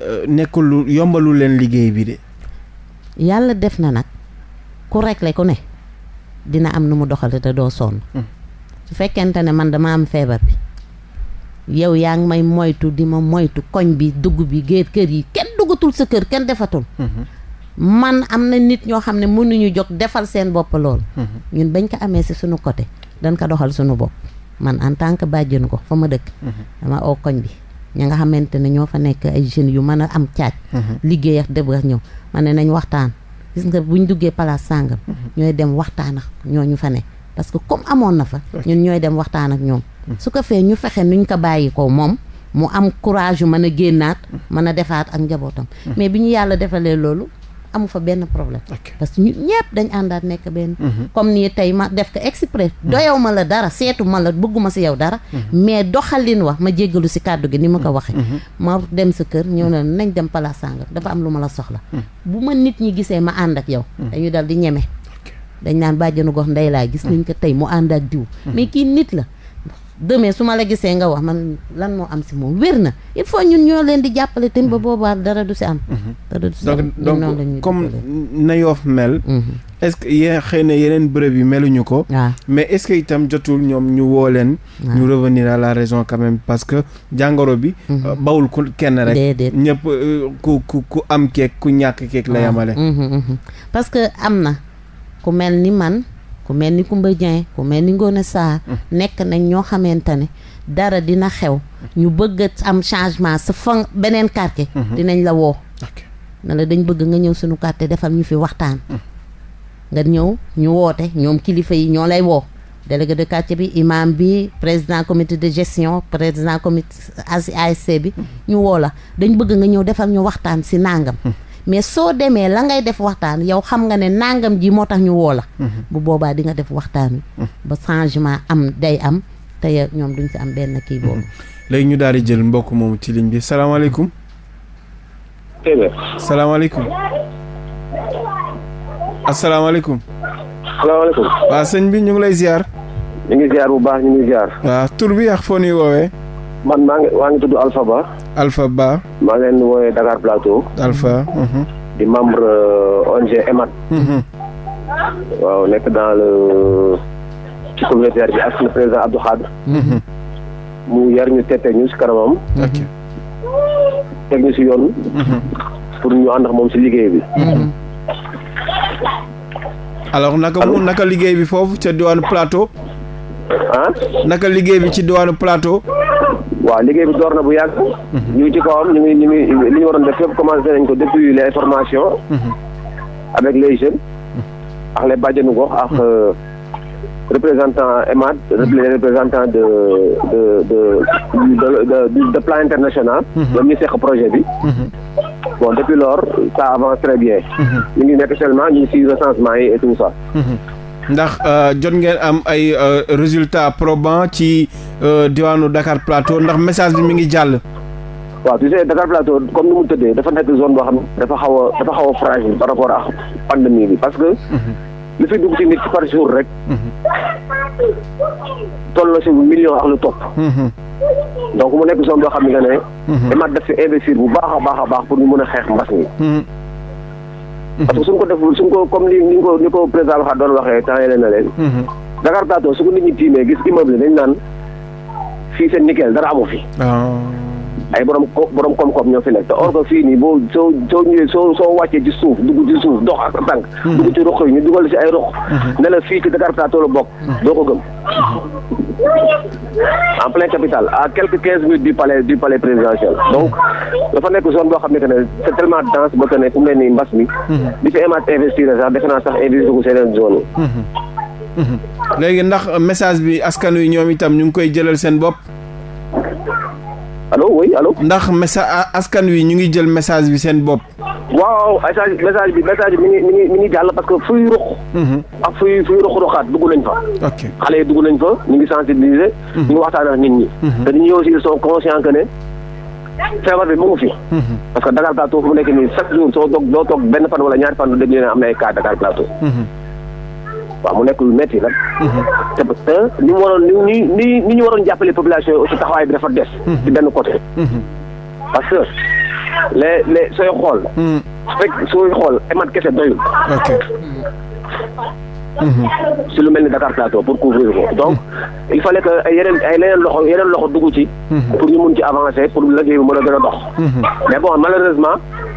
euh, nekkul lu yombalul leen liggéey bi yàlla def na nag ku réglé ku ne dina am nu mu doxale te doo sonn. su ne man dama am feebar bi. yow yaa ngi may moytu di ma moytu koñ bi dugg bi géer kër yi kenn duggatul sa kër kenn defatul mm-hmm. man am na nit ñoo xam ne mënuñu jox defal seen bopp lool mm-hmm. ñun bañ ko amee si suñu côté dañ ko doxal sunu bopp man en tant que bàjjenu ko fa ma dëkk mm-hmm. dama oo koñ bi ña nga xamante ne ñoo fa nekk ay jeunes yu mën a am caaj liggéey ak dëb ñëw ma ne nañ waxtaan gis nga buñ duggee palaas sàngam ñooy dem waxtaana ñoo ñu fa ne parce que comme amoon na fa. ñun ñooy dem waxtaan ak ñoom. Hmm. su ko fee ñu fexe nuñ ko bàyyi ko moom mu am courage yu mën a génnaat. Hmm. mën a defaat ak njabootam. Hmm. mais bi ñu yàlla defalee loolu. amu fa benn problème okay. parce que ñun ñëpp dañ àndaat nekk benn comme nii tey ma def ko exprès doyaw ma la dara seetu ma la bëgguma si yow dara mais doxalin wax ma jéggalu si kàddu gi ni ma ko waxee ma dem sa kër ñëw na nañ dem palaas sàngam dafa am lu ma la soxla bu ma nit ñi gisee ma ànd ak yow dal di ñeme dañ naan bàjjenu gox ndey laa gis nañ ko tey mu ànd ak diw mais kii nit la demain su ma la gisee nga wax man lan moo am si moom wér na il faut ñun ñoo leen di jàppale te ba boobaa dara du si am mhm. dara du si am donc comme na yoof mel mhm. est-ce que yéen xëy na yeneen bërëb yi meluñu ko waaw ah. mais est-ce que itam jotul ñoom ñu woo leen ah. ñu revenir à la raison quand parce que jàngoro bi mhm. euh, bawul ku kenn rek déedéet ñëpp euh, ku ku ku am keek ku ñàkk keek la ah. yamale parce am na ku mel ni man ku mel ni Koumba Dieng ku mel ni Ngone Sarr mm. nekk nañ ñoo xamante ne dara dina xew ñu bëgg am changement sa fa beneen quartier mm-hmm. dinañ la woo na la dañ bëgg nga ñëw suñu quartier defal ñu fi waxtaan mm. nga ñëw ñu woote ñoom kilifa yi ñoo lay woo délégué de quartier bi imam bi président commité de gestion président comité ASC bi mm. ñu woo la dañ bëgg nga ñëw defal ñu waxtaan si nangam mais soo demee la ngay def waxtaan yow xam nga ne nàngam ji moo tax ñu woo la. Mhm. bu boobaa di nga def waxtaan mhm. ba changement am day am te ñoom duñ si am benn kii boobu. Mhm. léegi ñu daal di jël mbokk moomu ci ligne bi salaamaaleykum. tey salaamaaleykum. asalaamaaleykum. waa sëñ bi ñu ngi lay ziar. ñu ngi ziar bu baax ñu ngi ziar. waa tur bi ak foo ñuy woowee. man maa ngi maa ngi tudd Alpha Ba. Alpha Ba. ma leen di woowee Dakar Plateau. Alpha. Mhm. di membre euh, ONG EMAD. Mhm. waaw nekk dans le ci communautaire bi ak le président Abdou Khad. Mhm. mu yar ñu tette ñu si kanamam. teg ñu si yoon. pour ñu ànd moom ci liggéey bi. alors naka mu naka liggéey bi foofu ca diwaanu Plateau. ah. naka liggéey bi ci diwaanu Plateau. waaw liggéey bi door na bu yàgg. Mhm. ñu ngi ci kawam ñu ngi ñu ngi li ñu waroon def yëpp commencé nañ ko depuis les formations. Mhm. avec les jeunes. Mhm. ak les bàjjenu gox ak euh, représentant EMAD les représentants de de de de de plan international. ñoom ñu seq projet bi. bon depuis lors ça avance très bien. ñu ngi nekk seulement ñu ngi si recensement yi et tout ça. ndax euh, jot ngeen am ay euh, résultats probants ci euh, diwaanu Dakar Plateau ndax message bi mi ngi jàll. waaw tu sais Dakar Plateau comme ni mu tëddee dafa nekk zone boo xam ne dafa xaw a xaw a fragile par rapport ak pandémie bi parce que. Mhm. li fi dugg ci nit par jour rek. Mhm. tolloo si million ak lu topp. Mhm. donc mu nekk zone boo xam ne que ne. dama def fi investir bu baax a baax a baax pour ñu mën a xeex mbas mi. parce que suñ ko def suñ ko comme ni ni ko ni ko a waxaat doon waxee temps yële na leen. Mhm. Dakar Plateau su ko nit ñi tiimee gis immeuble dañ naan fii seen nickel dara amu fi. Ah. ay borom borom koom ñoo fi nekk te or que fii nii boo soo soo ñëwee soo soo wàccee ci suuf dugg ci suuf dox ak tànk. Hmm. dugg ci roq yi ñu dugal ci ay roq. Hmm. ne fii ci Dakar Plateau bokk. Hmm. doo ko gëm. en plein capital à quelques quinze minutes du palais du palais présidentiel donc dafa nekk zone boo xam ne que ne c' est tellement dense ba que ne fu mu nii mbas mi. di fi émat investir sax defe sax investir seen zone yi. léegi ndax message bi askan wi ñoom itam ñu ngi koy jëlal seen bopp. allo oui allo. ndax message askan wi ñu ngi jël message bi seen bopp. waaw message message bi message bi mi ngi mi ngi mi ngi jàll parce que fuy ruq. Mhm. ak fuy fuy ruq ruqaat dugg nañ fa. ok xale yi dugg nañ fa ñu ngi sensibiliser. Mhm. ñu ngi waxtaan ak nit ñi. Mhm. te nit ñi aussi ils sont conscients que ne. feebar bi mu ngi fi. parce que Dakar Plateau fu mu nekk nii chaque jour soo toog doo toog benn fan wala ñaari fan lu dégg ne am na ay cas Dakar Plateau. waaw mu nekk lu métti nag. Mhm. te te ni mu waroon ni ni ni ñu waroon jàppale population yi aussi taxawaay bi dafa des. Mhm. ci benn côté. Mhm. parce que les les sooy xool. sooy xool emat kese doyul. Mhm. si lu mel ni Dakar Plateau pour couvrir ko donc mhm. il fallait que ay yeneen ay leneen loxo yeneen loxo dugg ci mhm. pour ñu mun ci avancer pour liggéey bi a gën a dox mais bon malheureusement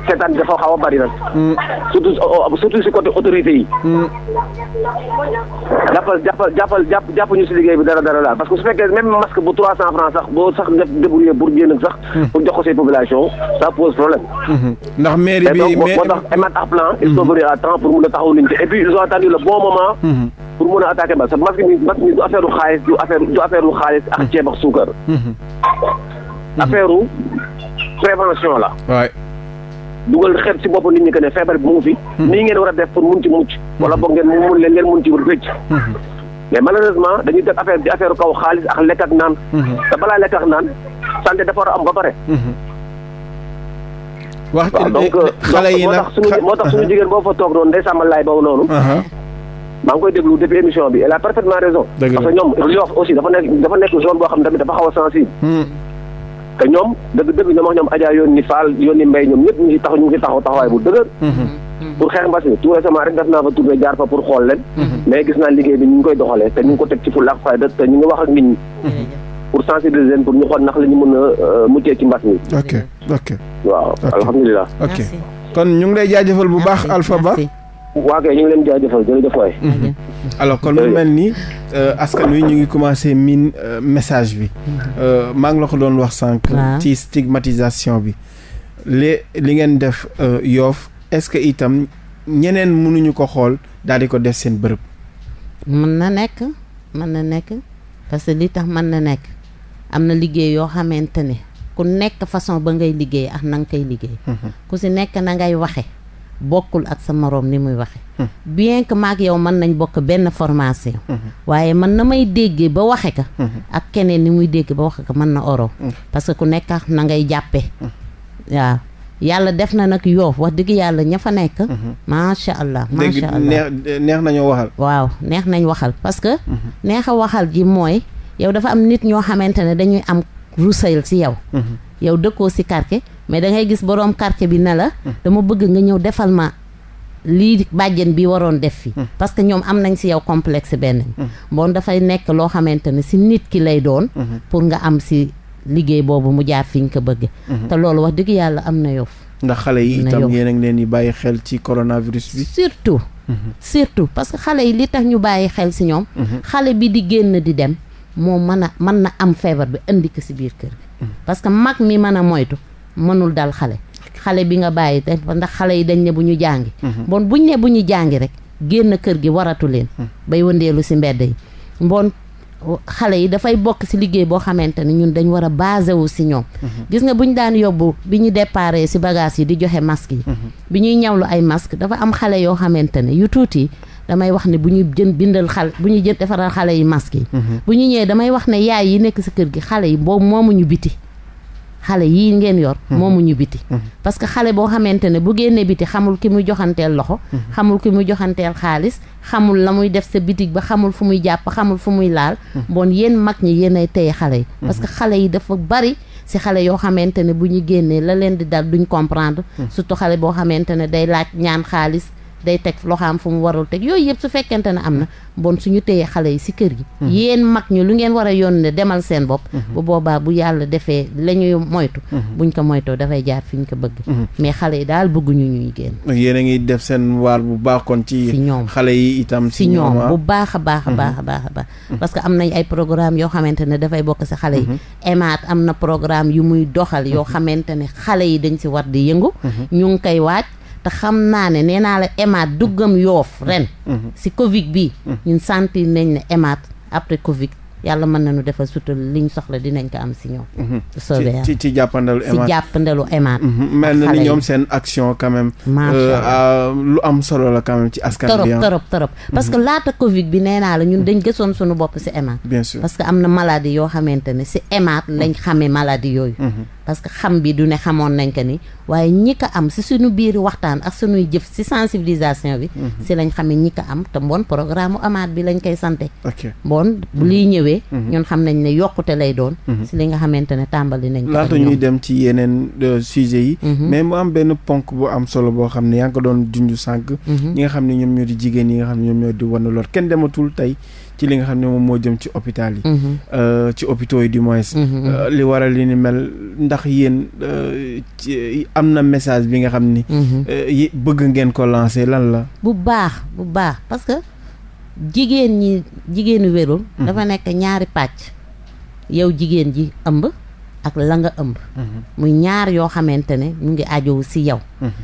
seetaan dafa xaw a bari nag oh, oh, surtout si côté autorité yi jàppal jàppal jàppal jàpp jàpp si liggéey bi dara dara daal parce que su fekkee même masque bu trois cent francs sax boo sax def débrouiller pour génn sax pour jox ko say population pose problème ndax mairie bi moo tax plan ils sont venus à temps pour mun a temps. Mm-hmm. pour mën a attaquer mbas parce que mbas mi du affaire u xaalis du affaire xaalis ak mm-hmm. ceeb ak suukar. Mm-hmm. affaire prévention la. waay. dugal xeet si bopp nit ñi que ne feebar bi mu fi. nii ngeen war a def pour mun ci mucc. wala boog ngeen mun leen leen mun ci rëcc. mais malheureusement dañuy teg affaire bi affaire kaw xaalis ak lekk ak naan. te balaa lekk ak naan santé dafa war a am ba pare. wax donc xale yi nag moo tax suñu uh-huh. jigéen boo fa toog noonu laay boobu noonu. Uh-huh. maa ngi koy déglu depuis émission bi i a parfaitement raison. parce que ñoom Yoff aussi dafa nekk dafa boo xam tamit dafa xaw sensible. Hmm. te ñoom dëgg-dëgg ñoom wax ñoom Adja yoon ni Fall yoon ni Mbaye ñoom ñëpp ñu ngi taxaw ñu ngi taxaw taxawaay bu dëgër. Hmm. pour xeex mbas mi tout récemment rek def naa fa tournée jaar fa pour xool leen. Hmm. mais gis naa liggéey bi ñu ngi koy doxalee te ñu ngi ko teg ci fulla ak fayda te ñu ngi wax ak nit pour sensibiliser leen pour ñu xool ndax la ñu mën a euh, muccee ci mbas mi. ok ok waaw alhamdulilah. ok kon ñu ngi lay jaajëfal bu baax Alpha Ba. waa kay ñu ngi leen jaajëfal jërëjëf waay. Mm-hmm. alors kon mu mel ni euh, askan wi ñu ngi commencé miin euh, message bi. Mm-hmm. Euh, maa ngi la ko doon wax sànq. ci stigmatisation bi. li li ngeen def yoof est-ce que itam ñeneen mënuñu ko xool daal di ko def seen bërëb. mën na nekk mën na nekk parce que li tax mën na nekk am na liggéey yoo xamante ne ku nekk façon ba ngay liggéey ak nang nga koy liggéey. Mm-hmm. ku si nekk na ngay waxe bokkul ak sa moroom ni muy waxe hmm. bien que maak yow mën nañ bokk benn formation hmm. waaye man na may déggee ba waxe ka hmm. ak keneen ni muy déggee ba waxe ka mën na oro parce que ku nekk na ngay jàppe waaw yàlla def na nag yoof wax yàlla ña fa nekk macha allah macha allah neex nañoo waaw neex nañ waxal parce que neex a waxal ji mooy yow dafa am nit ñoo xamante ne dañuy am rusayl si yow yow dëkkoo si quartier mais dangay gis boroom quartier bi na la. Hmm. dama bëgg nga ñëw defal ma lii bàjjen bi waroon def fii hmm. parce que ñoom am nañ si yow complexe benn. Hmm. bon dafay nekk loo xamante ne si nit ki lay doon. pour nga am si liggéey boobu mu jaar fi nga ko bëgg. te loolu wax dëgg yàlla am na yow ndax xale yi itam yéen a ngi leen di bàyyi xel ci coronavirus bi. surtout. surtout parce que xale yi li tax ñu bàyyi xel si ñoom. xale bi di génn di dem. moo mën a mën na am feebar bi indi ko si biir kër parce que mag mi mën a moytu. mënul dal xale xale bi nga bàyyi te ndax xale yi dañ ne bu ñu jàngi mhm. bon buñ ne bu ñu jàngi rek génn kër gi waratu leen mhm. bay wëndeelu si mbedd yi bon xale yi dafay bokk si liggéey boo xamante ne ñun dañ war a basé wu si ñoom mhm. gis nga bu ñu daan yóbbu bi ñu déparé si bagage yi di joxe masque yi bu ñuy ñawlu ay masque dafa am xale yoo xamante ne yu tuuti damay wax ne bu ñu jën bindal xale bu ñu jën defaral xale yi masque yi bu ñu ñëwee damay wax yi nekk si kër gi xale yi boobu moomuñu biti xale yii ngeen yor mhm. moomu ñu biti mhm. parce que xale boo xamante ne bu génnee biti xamul ki muy joxanteel loxo mhm. xamul ki muy joxanteel xaalis xamul la muy def sa bitig ba xamul fu muy jàpp xamul fu muy laal bon yéen mag ñi yéen ay tey xale yi parce que xale yi dafa bari si xale yoo xamante ne bu ñu génnee la leen di dal duñ comprendre surtout xale boo xamante ne day laaj ñaan xaalis day teg loxaam fu mu warul teg yooyu yëpp su fekkente ne am na bon suñu téyee xale yi si kër gi mhm. yéen mag ñi lu ngeen war a yoon ne demal seen bopp mhm. bu boobaa bu yàlla defee la ñuy moytu mhm. buñ ko moytoo dafay jaar fi ñu ko bëgg mais xale yi daal bëgguñu ñuy génn yéen a def seen waar bu baaxoon ci ñoom xale yi itam si ñoom bu baax a baax a baax a baax a parce que am nañ ay programme yoo xamante ne dafay bokk si xale yi EMAD am na programme yu muy doxal yoo xamante ne xale yi dañ si war di yëngu ñu ngi koy waaj te xam naa ne nee naa la EMAD duggam yoof ren. Mhm. si Covid bi mhm. ñun sentir nañ ne EMAD après Covid. yàlla mën na nañu defal sutul liñ soxla dinañ ko am si ñoom. Mhm. soobee ci ci jàppandalu EMAD mel na ni ñoom seen action quand même. Euh, lu am solo la quand ci askan bi. torop ah. torop torop parce que laata Covid bi nee naa la ñun dañ gësoon sunu bopp si EMAD. bien parce que am na maladie yoo xamante ne si EMAD lañ xamee maladie yooyu. parce que xam bi du ne xamoon nañ ko ni waaye ñikk am si suñu biir waxtaan ak suñuy jëf si sensibilisation bi. Mhm. si lañ xam ne ñi ko am te bon programme mu amaat bi lañ koy sante bon bu liy mhm. ñëwee. Mhm. ñun xam nañ ne yokkute lay doon. si li nga xamante ne tàmbali nañ. laata ñuy dem ci yeneen euh, sujet yi. mais mu am benn ponk bu am solo boo xam ne yaa ngi ko doon junj sànq. ñi nga xam ne ñoom ñoo di jigéen ñi nga xam ne ñoom ñoo di wan lool kenn dematul tey. ci li nga xam ne moom moo jëm ci hôpital yi mhm. euh, ci hôpitaux yi di moins mhm. euh, li waral li ni mel ndax yéen euh, ci am na message bi nga xam ni mhm. bëgg ngeen ko lancer lan la bu baax bu baax parce que jigéen ñi jigéenu wérul dafa nekk ñaari pàcc yow jigéen ji ëmb ak la nga ëmb muy ñaar yoo xamante ne mu ngi ajowu si yow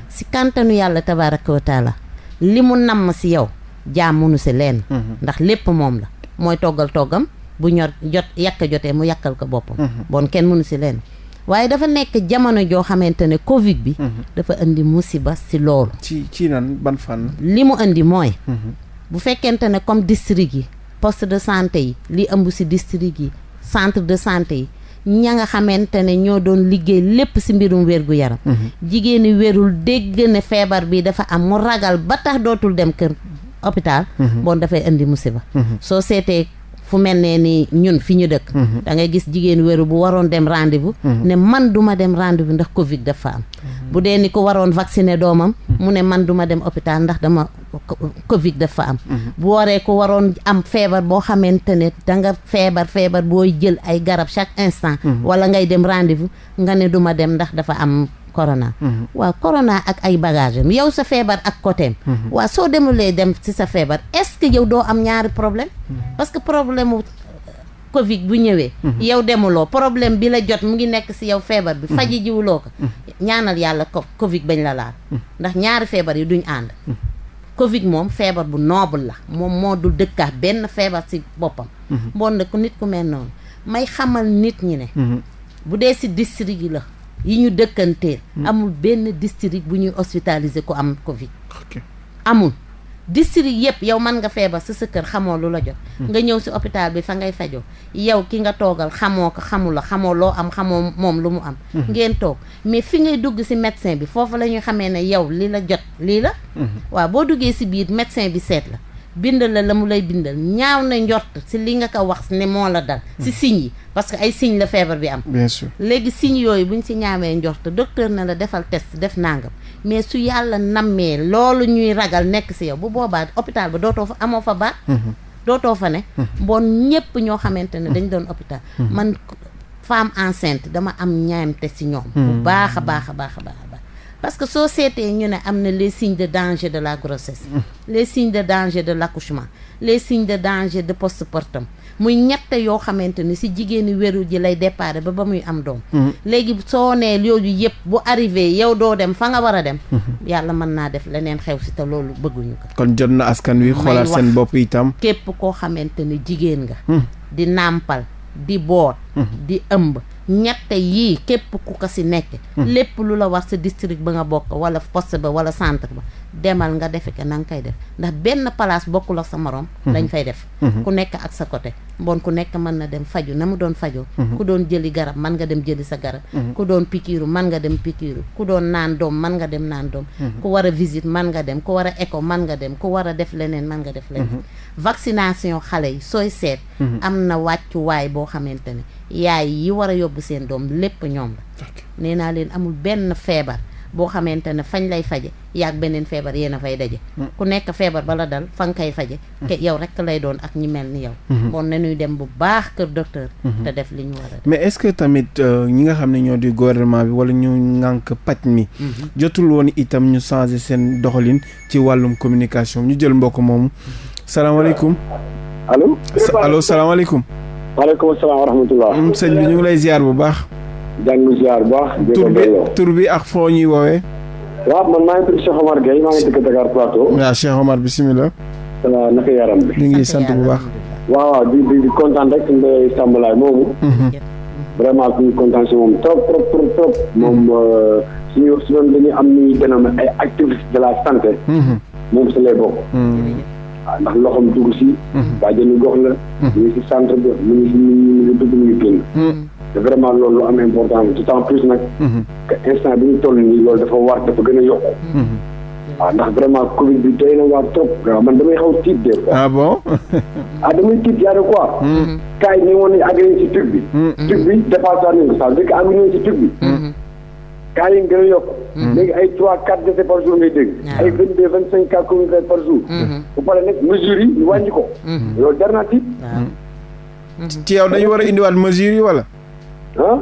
si kàntanu yàlla tabaraka wa li mu namm si yow jaam munu si leen mhm. ndax lépp moom la mooy toggal toggam bu ñor jot yàkk jotee mu yàkkal ko boppam mhm. bon kenn mënu si leen waaye dafa nekk jamono joo xamante ne covid bi mhm. dafa indi musiba si loolu ci ci nan ban li mu indi mooy bu fekkente ne comme district yi poste de santé yi li ëmb si district yi centre de santé yi ña nga xamante ne ñoo doon liggéey lépp si mbirum wér gu yaram jigéeni weerul dégg ne feebar bi dafa am mu ragal ba tax dootul dem kër hôpital mhm. bon dafay indi musiba mhm. soo seetee fu mel nee ni ñun fi ñu dëkk mhm. da ngay gis jigéenu wéru bu waroon dem rendez-vous ne man duma dem rendez-vous ndax covid dafa am bu dee ni ko waroon vacciner doomam mu ne man duma dem hôpital ndax dama covid dafa am waree ko waroon am feebar boo xamante ne da nga feebar feebar booy jël ay garab chaque instant wala ngay dem rendez-vous nga ne duma dem ndax dafa am corona. Mhm. waaw corona ak ay bagage am yow sa feebar ak côté mhm. waa soo demulee dem si sa feebar est-ce doo am ñaari problème. Mhm. parce que problème mu Covid bu ñëwee. yow demuloo problème bi la jot mu ngi nekk si yow feebar bi. faji jiwuloo ko. ñaanal yàlla ko Covid bañ la laal. ndax ñaari feebar yi duñ ànd. covid moom feebar bu noble la moom moo du dëkkaa benn feebar si boppam mbon ku nit ku mel noonu may xamal nit ñi ne bu dee ci district la yi ñu dëkkanteel. amul benn district bu ñuy hospitaliser ko am Covid. amul district yëpp yow mën nga feebar sa sa kër xamoo lu la jot. Hmm. nga ñëw si hôpital bi fa ngay fajoo yow ki nga toogal xamoo ko xamula xamoo loo am xamoo moom lu mu am. Hmm. ngeen toog mais fi ngay dugg si médecin bi foofu la ñuy xamee ne yow li la jot lii la. Hmm. waaw boo duggee si biir médecin bi seet la. bindal la la mu lay bindal ñaaw na njort si li nga ko wax ne moo la dal si hmm. signes yi parce que ay signes la feebar bi am bien léegi signes yooyu buñ si ñaawee njort docteur na la defal test def nangam mais su yàlla nammee loolu ñuy ragal nekk si yow bu boobaat hôpital ba dootoo fa amoo fa baat hmm. dootoo fa ne hmm. bon ñëpp ñoo xamante ne dañ doon hôpital man femme enceinte dama am ñaayam si ñoom bu baax a baax a baax a parce que soo seetee ñu ne am na les signes de danger de la grossesse mm. les signes de danger de l'accouchement les signes de danger de postpartum muy ñett yoo xamante ni si jigéeni wéru ji lay déparé ba ba muy am doom mm-hmm. léegi soo nee yooyu yëpp bu arrivé yow doo dem fa nga war a dem mm-hmm. yàlla mën naa def leneen xew si te loolu bëgguñu kon jot na askan wi xoolal seen bopp itam képp koo xamante ni jigéen nga mm. di nàmpal di boot mm-hmm. di ëmb ñette yii képp ku ko si nekk. Hmm. lépp lu la wax sa district ba nga bokk wala post ba wala centre ba demal nga defe ko na nga koy def ndax benn place bokkul ak sa morom. dañ hmm. fay def. Hmm. ku nekk ak sa côté bon ku nekk mën na dem faju na mu doon fajoo. ku doon jëli garab mën nga dem jëli sa garab. ku doon pikiiru man nga dem pikiiru ku doon naan doom man nga dem naan doom. ku war a visite mën nga dem ku war a écho mën nga dem ku war a def leneen mën nga def leneen. vaccination xale yi sooy seet. Mhm. am na wàccuwaay boo xamante ne yaay yi war a yóbbu seen doom lépp ñoom la. nee naa leen amul benn feebar boo xamante ne fañ lay faje yaag beneen feebar yéen a fay daje. Mm. ku nekk feebar bala dal fa nga koy faje mm. te yow rek lay doon ak ñi mel ni yow. bon mhm. nañuy dem bu baax kër docteur. Mhm. te def li ñu war a def. mais est-ce que tamit euh, ñi nga xam ne ñoo di gouvernement bi wala ñu ŋànk paj mi. jotul woon itam ñu changer seen doxalin ci wàllum communication ñu jël mbokk moomu. salaamaaleykum. allo. allo salaamaaleykum. maaleykum salaam wa rahmatulah. Mm, sëñ bi ñu ngi lay ziar bu baax. jàng ziar bu baax. tur bi tur bi ak foo ñuy woowee. waaw man maa ngi tudd Cheikh Omar Gueye maa ngi dëkk Dakar Plateau. waaw Cheikh Omar bisimilah. naka yaram bi. ñu ngi sant bu baax. waaw waaw di di di kontaan rek suñu mbéy Sambalaay moomu. Mm-hmm. vraiment suñu kontaan si moom trop trop trop trop. moom mm-hmm. euh, suñu su doon dañuy am ni gën ay activistes de la santé. Mm-hmm. moom si lay bokk. a ndax loxoom dugg si. bàjjenu mhm. gox la. ñu mhm. ngi si centre bi ñu ngi si ñu ngi dugg ñu génn. Mhm. te vraiment loolu lu am importance tout en plus nag. que instant bi ñu toll nii loolu dafa war dafa gën a yokku. a ndax vraiment Covid bi doy na waar trop. waaw man damay xaw tiit de quoi. ah bon. ah damay de quoi. kaay ñu ngi woon ne agréé ci tug bi. tug bi dépassé nañ ko ça veut dire que cas yi gën a yokk hmm. léegi ay trois quatre décès par jour ngay dégg ay vingt deux vingt cinq cas communautaires par jour hmm. bu paree nag mesures yi ñu wàññi ko hmm. loolu a indiwaat mesures yi wala ah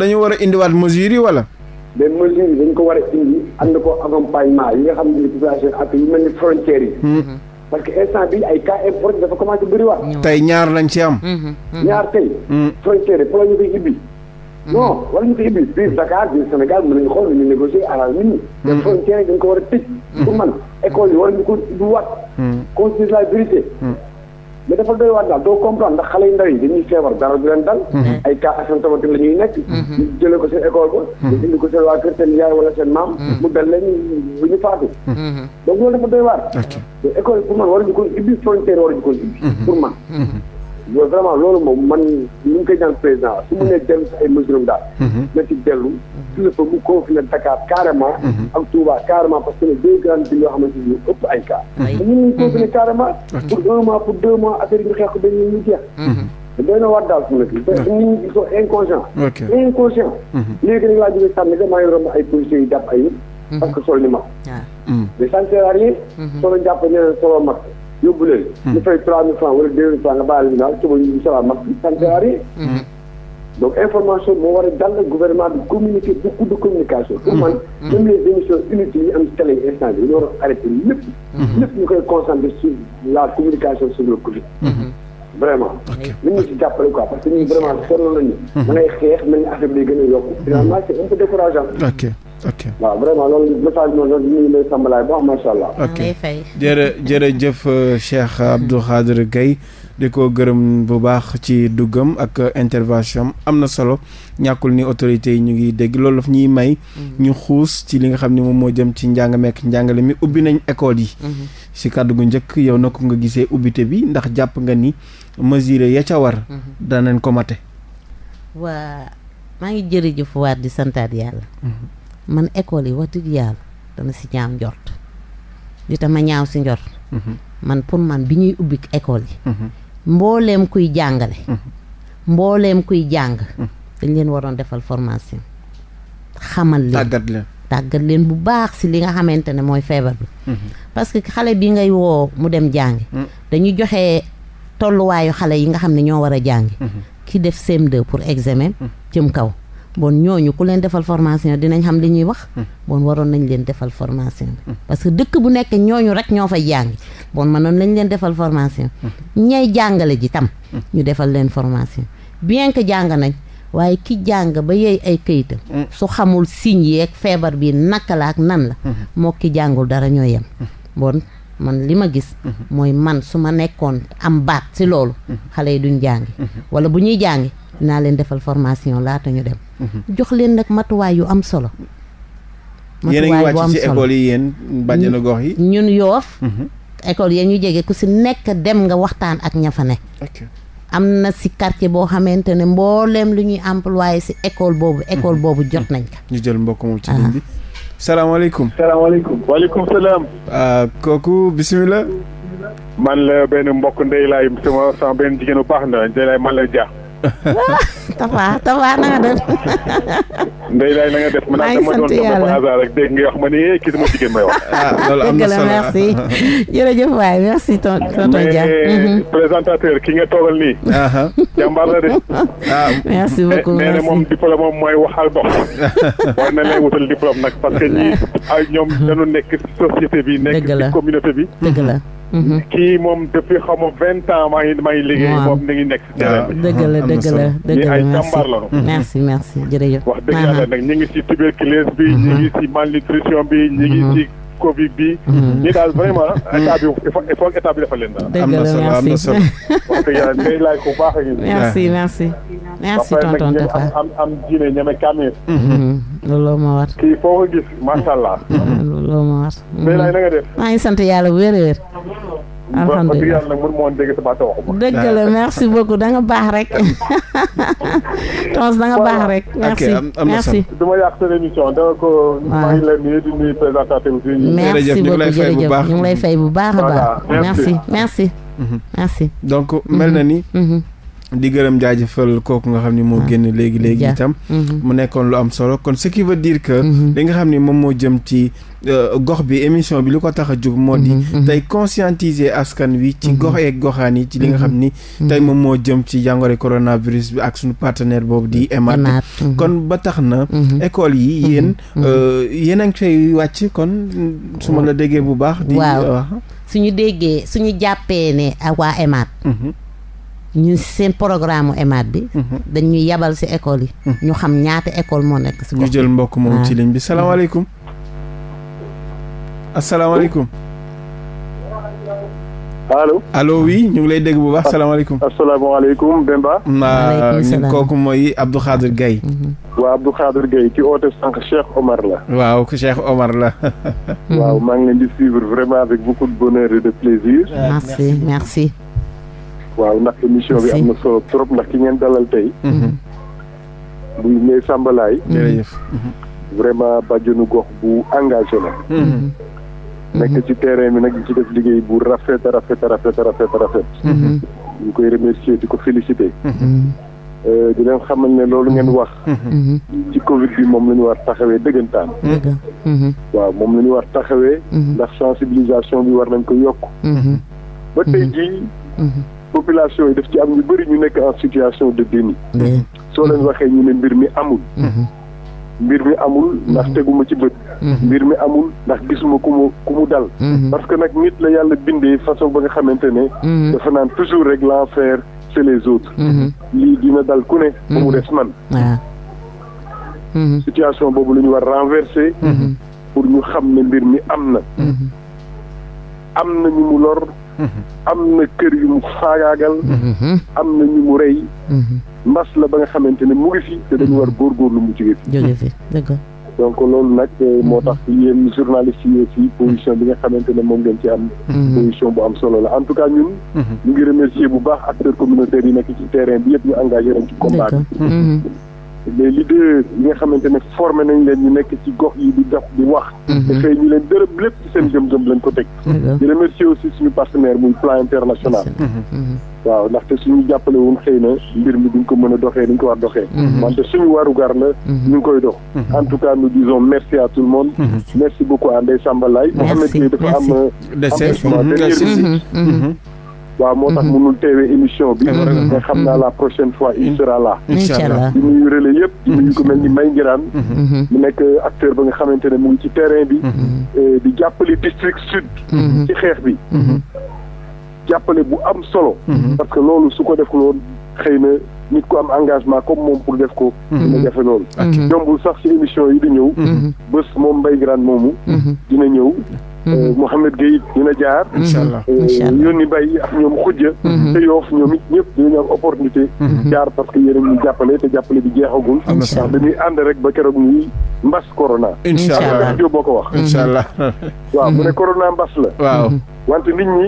a yi wala mais mesures yi dañ ko war a indi ànd ko accompagnement yi nga xam ne population ak yu mel ni frontières am ñaar tey frontières yi ñu koy ibbi non wala ñu koy ubbi biir Dakar biir Sénégal mën nañu xool ñu négocier alal nit ñi. Mm. te frontière yi dañ ko war a tëj. Mm. pour man école yi war nañu ko du waat. Mm. conscience la vérité. mais dafa doy waat daal doo comprendre ndax xale yu ndaw yi dañuy feebar dara di leen dal. Mm-hmm. ay cas asymptomatique la ñuy nekk. Mm-hmm. ñu jëlee ko seen école ba. Mm-hmm. ñu indi ko seen waa kër seen yaay wala seen maam. mu dal leen bu ñu faatu. donc loolu dafa doy waat. ok te école yi pour ko ubbi frontière ko ubbi. pour man. loolu vraiment loolu moom man ñu ngi koy ñaan président su mu nee mhm. dellu si ay mesures am daal. Mhm. na ci dellu. Mhm. su le mu confiné Dakar carrément. ak Touba carrément parce que les deux grandes villes yoo xamante ni ñu ëpp ay cas. ñun ñu ngi confiné carrément. pour un mois pour deux mois affaire yi xeex ko ba ñu ñu jeex. doy na war daal su ma la gis. nit ñi ils sont inconscients. ok inconscients. léegi nag laa jógee sànni que maa ngi ay policiers yu jàpp ay yëpp. sol ni ma. waaw mais ça ne sert à rien. solo yo leen. Hmm. ñu fay 3000 francs wala 2000 francs nga bàyyi la ñu naan suba ñu ngi salaam mag ça ne sert à rien. donc information moo war a dal gouvernement bi communiquer beaucoup de communication. pour hmm. man hmm. même les émissions inutiles yi am ci télé instant bi dañoo war a arrêté lépp. lépp la communication sur le Covid. vraiment. ok nañu si jàppale quoi parce que ñun vraiment sonal nañu. da ngay xeex mel ni affaire bi day gën a yokku. finalement c'est un ok waaw a loolu message bi noonu ñu jërë jërëjëf euh, Cheikh Abdou Khadre Gaye di ko gërëm bu baax ci duggam ak intervention am na solo ñàkkul ni autorité yi ñu ngi dégg loolu daf ñuy may. Mm-hmm. ñu xuus ci li nga xam ne moom moo jëm ci njàng mekk njàngale mi ubbi nañ école yi. Mm-hmm. si kàddu gu njëkk yow na ko nga gisee ubbite bi ndax jàpp nga ni mesure ya ca war. Mm-hmm. danañ ko mate. waa maa ngi jërëjëf waat di santaat yàlla. man école yi wax dëgg yàlla dama si ñaaw njort li tax ma ñaaw si njort. Mhm. man pour man bi ñuy ubbi école yi. Mhm. mbooleem kuy jàngale. Mhm. mbooleem kuy jàng. dañ leen waroon defal formation. xamal leen tàggat leen. tàggat leen bu baax si li nga xamante ne mooy feebar bi. parce que xale bi ngay woo mu dem jàngi. dañuy joxe tolluwaayu xale yi nga xam ne ñoo war a jàngi. ki def CM2 pour examen. jëm kaw. bon ñooñu ku leen defal formation dinañ xam li ñuy wax. Hmm. bon waroon nañ leen defal formation. Hmm. parce que dëkk bu nekk ñooñu rek ñoo fay jàngi bon manoon lañ leen defal formation. Hmm. ñay jàngale ji tam. ñu defal leen formation bien que jàng nañ. waaye ki jàng ba yeey ay kayitam. su xamul signes yeeg feebar bi naka la ak nan la. moo jàngul dara ñoo yem. bon man li ma gis. mooy man su ma nekkoon am baat si loolu. xale yi duñ jàngi. wala bu ñuy jàngi naa leen defal formation laata ñu dem. jox leen nag matuwaay yu am solo. yéen a ngi wàcc ci école gox yi. ñun yoof mhm. école ya ñu jege ku si nekk dem nga waxtaan ak ña fa ne. am na si quartier boo xamante ne mbooleem lu ñuy employé si école boobu. Mhm. école boobu jot nañ ko. ñu jël mbokk moom ci ah. ligne bi. salaamaaleykum. salaamaaleykum. waaleykum salaam. Ah, kooku bisimilah. man la benn mbokk ndey laay sama sama benn jigéenu baax na ndey man la jaa. Tafa Tafa na nga def. Ndeye Laye na nga def. maa ngi sant yàlla ma naan rek dégg nga wax ma ni eh, kii sama jigéen may wax. Ah, loolu am na solo merci jërëjëf merci tonton Dia. Mhm. présentateur ki nga toogal nii. jàmbaar la de. Ah. merci beaucoup merci moom diplôme moom mooy waxal dox. war na lay wutal diplôme nag parce que ñii ay ñoom dañu nekk société bi. nekk communauté bi. dëgg la Mm-hmm. kii moom depuis xaw ma vingt ans maa ngi may liggéey boobu mi ngi nekk si terrain bi. la dëgg la dëgg la ay jàmbaar la merci merci jërëjëf. wax dëgg yàlla nag ñu ngi si tuberculose bi. ñu ngi si mm-hmm. malnutrition bi ñu ngi si. Mm-hmm. Covid bi. ñii mhm. daal vraiment. Mhm. état bi il faut il faut état bi defal leen daal. dëgg yàlla ngay a merci merci. merci tonton Tafa am am diine ñeme kamir. Mhm. looloo ma war. kii foo ko gis macha allah. looloo ma war. maa ngi sant yàlla bu wér a wér. alhamdulilah ba wax dëgg la merci beaucoup da nga baax rek. tons da nga baax rek. merci merci. du ma yàq seen émission danga euh, ko. maa ngi leen nuyu di nuyu présentateur bi. merci beaucoup jërëjëf ñu ngi lay fay bu baax a baax. merci merci. merci. Mhm. donc mhm. mel na ni. Mhm. di gërëm jaajëfal kooku nga xam ni moo mm. génn léegi léegi itam mm-hmm. mu nekkoon lu am solo kon ce qui veut dire que mm-hmm. li nga xam ni moom moo jëm ci euh, gox bi émission bi lu ko tax a jub moo di mm-hmm. tey conscientiser askan wi ci gox yeeg goxaan yi ci li nga xam ni tey moom moo jëm ci jàngoro coronavirus bi ak suñu partenaire boobu di EMAD kon ba tax na école yi yéen euh, yéen a ngi fay wàcc kon su ma la déggee bu baax di waaw suñu déggee suñu jàppee ne ah, waa EMAD ñun seen programme EMAD bi. Mhm. dañuy yabal si école yi. Mhm. ñu xam ñaata école moo nekk si. ñu jël mbokk moom ci ligne bi salaamaaleykum. asalaamaaleykum. allo allo oui ñu ngi lay dégg bu baax salaamaaleykum. asalaamaaleykum Bemba. maaleykum salaam kooku mooy Abdou Khadir Gaye. Mhm. waaw Abdou Khadir Gaye ci oote sànq Cheikh Omar la. waaw Cheikh Omar la. waaw maa ngi leen di suivre vraiment avec beaucoup de bonheur de plaisir. merci. waaw ndax émission bi am na solo trop ndax ki ngeen dalal tey. Mm-hmm. muy Ndeye Samba Laye. Mm-hmm. jërëjëf. Mm-hmm. vraiment bàjjenu gox bu engagé la. nekk ci terrain bi nag ci def liggéey bu rafet rafet rafet rafet rafet. ñu koy remercier di ko féliciter. Euh, di leen xamal ne loolu ngeen wax. ci Covid bi moom lañu ñu war taxawee dëggantaan. waaw moom la ñu war taxawee. ndax sensibilisation bi war nañ ko yokk. ba tey jii. population yi def ci am ñu bëri ñu nekk en situation de déni soo leen mm-hmm. waxee ñi ne mbir mi amul mm-hmm. mbir mi amul mm-hmm. ndax teguma ci bët mbir mi amul ndax gisuma ku mu ku mu dal parce que nag nit la yàlla bindee façon ba nga xamante ne dafa naan toujours rek l'enfer c'est les autres lii dina dal ku ne ba mu des man ah. situation boobu lañu ñu war renverser pour ñu xam ne mbir mi am na am na ñu mu lor am na kër yu mu faagaagal. am na ñu mu rey. mbas la ba nga xamante ne mu ngi fi. te dañu war góorgóorlu mu jóge fi. jóge fi dëgg donc loolu nag eh, mm-hmm. moo tax yéen journaliste yi aussi position bi nga xamante ne moom ngeen ci am. Mm-hmm. position bu am solo la en tout cas ñun. Mm-hmm. ñu ngi remercier bu baax acteurs communautaires yi nekk ci terrain bi yëpp ñu engagé nañ ci combat bi. les leaders yi nga xamante ne formé nañ leen ñu nekk ci gox yi di dox di wax. dafay mhm. ñu leen dërëb lépp ci seen gëm-gëm lañ ko teg. di remercier aussi suñu partenaire muy plan international. Mhm. Mhm. waaw ndaxte suñu jàppale woon xëy na mbir mi duñ ko mën a doxee duñ ko war doxee. wante suñu warugar la. ñu ngi koy dox. en tout cas nous disons merci à tout le monde. merci beaucoup à Ndeye Samba Laye. merci merci Mouhamed dafa am. Euh, am waaw moo tax mënul mhm. teewee émission bi. mais xam naa la mhm. prochaine fois il mhm. sera là. incha di nuyu relais yëpp. di nuyu ko mel ni May Ngiraan. mu nekk acteur ba nga xamante ne mu ngi ci terrain bi. Euh, di jàppale district sud. ci xeex bi. jàppale bu am solo. parce que loolu su ko def loon xëy na nit ko am engagement comme moom pour def ko. dina jafe loolu. yombul sax ci émission yi di ñëw. bés moom Mbaye Ngiraan moomu. dina ñëw. Euh, mhm. Mouhamed Gueye dina jaar. incha allah euh, incha allah yónni bay ak ñoom xujja. Mhm. te yoof ñoom it ñëpp dinañu am opportunité. Mhm. jaar parce que yéen a jàppale te jàppale bi jeexagul. incha allah dañuy ànd rek ba keroog ñuy mbas corona. incha allah boo ko wax. incha allah waaw mu ne corona mbas la. waaw wante nit ñi.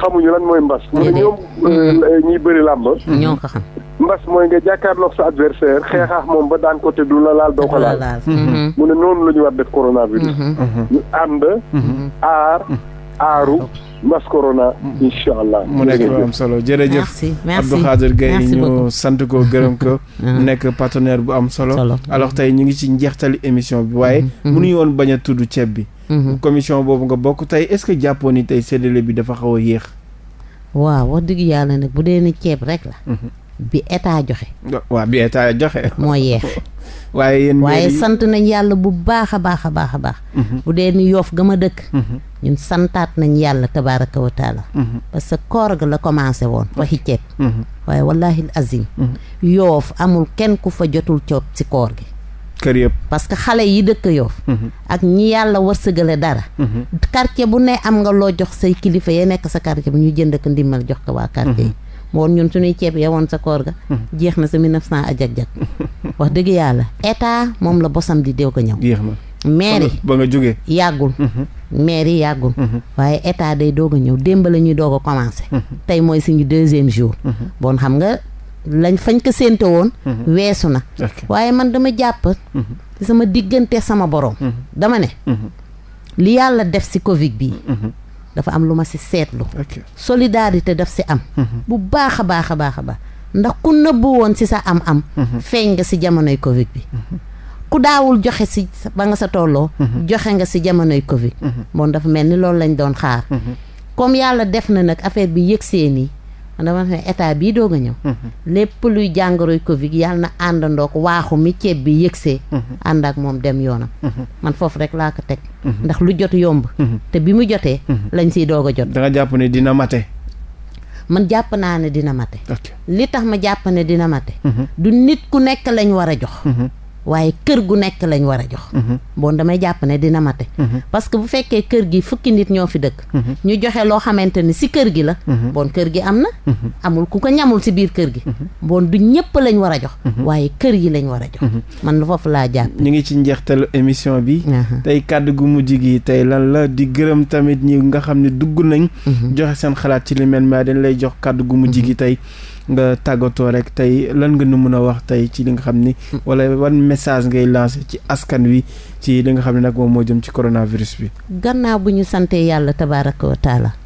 xamuñu lan mooy mbas. ñu ñoom mm. eh, ñiy bëri làmb. ñoo ko xam. mbas mooy nga jàkkaarloog sa adversaire mm. xeexaax moom ba daan ko du la laal doo ko laal. Mm-hmm. mu ne noonu la ñu war def coronavirus. Mm-hmm. Mm-hmm. ñu ànd. aar aaru. mbas corona incha allah. mu nekk am solo jërëjëf. merci merci Abdou Khadir Gaye ñu sant ko gërëm ko. mu uh-huh. nekk partenaire bu am solo. alors tey ñu ngi ci njeextali émission bi waaye. mënuñu woon bañ a tudd ceeb bi. Mm-hmm. commission boobu nga bokk tey est-ce que jàppoon ni tey séddale bi dafa xaw a yéex. waaw wax dëgg yàlla nag bu dee ni ceeb rek la. Mm-hmm. bi état joxe. waaw bi état joxe. moo yeex. waaye yéen sant nañ yàlla bu baax a baax a baax a baax. Mm-hmm. bu dee ni yoof ga ma dëkk. ñun santaat nañ yàlla tabaaraka wa taala. parce que koor la commencé woon waxi ceeb. waaye wallaahi azim. yoof amul kenn ku fa jotul ceeb ci koor gi. kër yëpp parce que xale yi dëkk Yoff mm-hmm. ak ñi yàlla wërsëgale dara mm-hmm. quartier bu ne am nga loo jox say kilifa ya nekk sa quartier bi ñu jënd ko ndimmal jox ko waa quartier yi mm-hmm. moom ñun suñuy ceeb yewoon sa koor ga jeex na sa mille neuf cent ajag-jag wax dëgg yàlla état moom la bosam di déw ko ñëw mairie ba nga jógee yàggul mairie yàggul waaye état day doog a ñëw démb la ñuy doog a commencé tey mooy suñu deuxième jour bon xam nga lañ fañ ko séente woon mhm. weesu na waaye man dama jàpp mhm. sama diggante sama borom mhm. dama ne li yàlla def si covid bi dafa am lu ma si seetlu solidarité daf si am bu baax a baax a baax a baax ndax ku nëbbu woon si sa am am feeñ nga si jamonoy covid bi ku daawul joxe si ba nga sa tolloo joxe nga si jamonoy covid bon dafa mel ni loolu lañ doon xaar comme yàlla def na nag affaire bi yëg see nii dama ne état bii doog a ñëw. Mhm. lépp luy jàngoroy Covid yàlla na àndandoo ko waaxu mi ceeb bi yëgsee. Mhm. ànd ak moom dem yoonam. Mhm. man foofu rek laa ko teg. ndax lu jot yomb. te bi mu jotee. lañ siy doog a jot. da nga jàpp ne dina mate. man jàpp naa ne dina mate. li tax ma jàpp ne dina mate. du nit ku nekk lañ war a jox. waaye kër gu nekk lañ war a jox. Mhm. bon damay jàpp ne dina mate. Mhm. parce que bu fekkee kër gi fukki nit ñoo fi dëkk. Mhm. ñu joxe loo xamante ni si kër gi la. bon kër gi am na. amul ku ko ñamul si biir kër gi. bon du ñëpp lañ war a jox. waaye kër yi lañ war a jox. man lu foofu laa jàpp. ñu ngi ci njeextalu émission bi. tey kàdd gu mujj gi tey lan la di gërëm tamit ñi nga xam ne dugg nañ. joxe seen xalaat ci li maa dañ lay jox kàddu gu mujj gi tey. nga tàggatoo rek tey lan nga nu mun a wax tey ci li nga xam ni. Hmm. wala wan message ngay lancé ci askan wi ci li nga xam ne nag moom moo jëm ci coronavirus bi. gannaaw bu ñu santee yàlla tabaaraka wa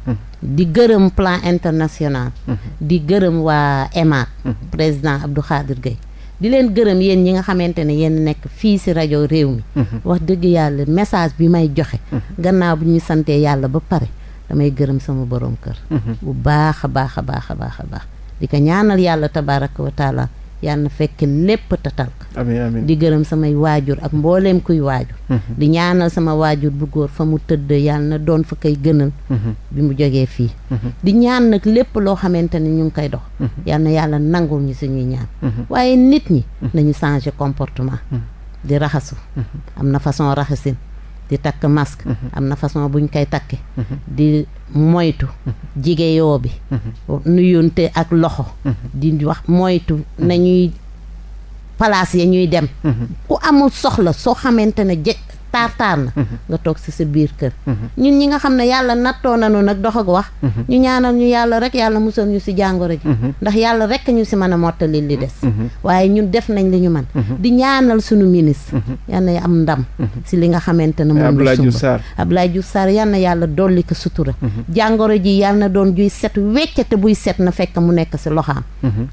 hmm. di gërëm plan international. Hmm. di gërëm waa EMAD. président Abdou Khadir Gueye. di leen gërëm yéen ñi nga xamante ni yéen nekk fii si rajo réew mi. wax dëgg yàlla message bi may joxe. gannaaw bu ñu santee yàlla ba pare damay gërëm sama borom kër. bu baax a baax a baax a baax a baax. di ko ñaanal yàlla tabaraka wa taala yàlla na fekk lépp tatal di gërëm samay waajur ak mbooleem kuy waajur mhm. di ñaanal sama waajur bu góor fa mu tëdd yàlla na doon fa koy gënal mhm. bi mu jógee fii mhm. di ñaan nag lépp loo xamante ne ñu ngi koy dox yàlla na yàlla nangul ñu suñuy ñaan waaye nit ñi nañu changer comportement di raxasu am na façon raxasin di takk masque am na façon buñ koy takke moytu jigéeyoo bi nuyunte ak loxo di wax moytu nañuy palaas ya ñuy dem ku amul soxla soo xamante ne je tartaan na mm-hmm. nga toog si sa biir kër mm-hmm. ñun ñi nga xam ne yàlla nattoo nañu nag dox ak wax mm-hmm. ñu ñaanal ñu yàlla rek yàlla musal ñu si jàngoro ji ndax yàlla rek ñu si mën a mottali li des waaye ñun def nañ li ñu man di ñaanal suñu ministre yal na am ndam si li nga xamante ne moom la sumba Abdoulaye Diouf Sarr yal na yàlla dolli ko sutura jàngoro ji yal na doon juy set wecc te buy set na fekk mu nekk si loxaam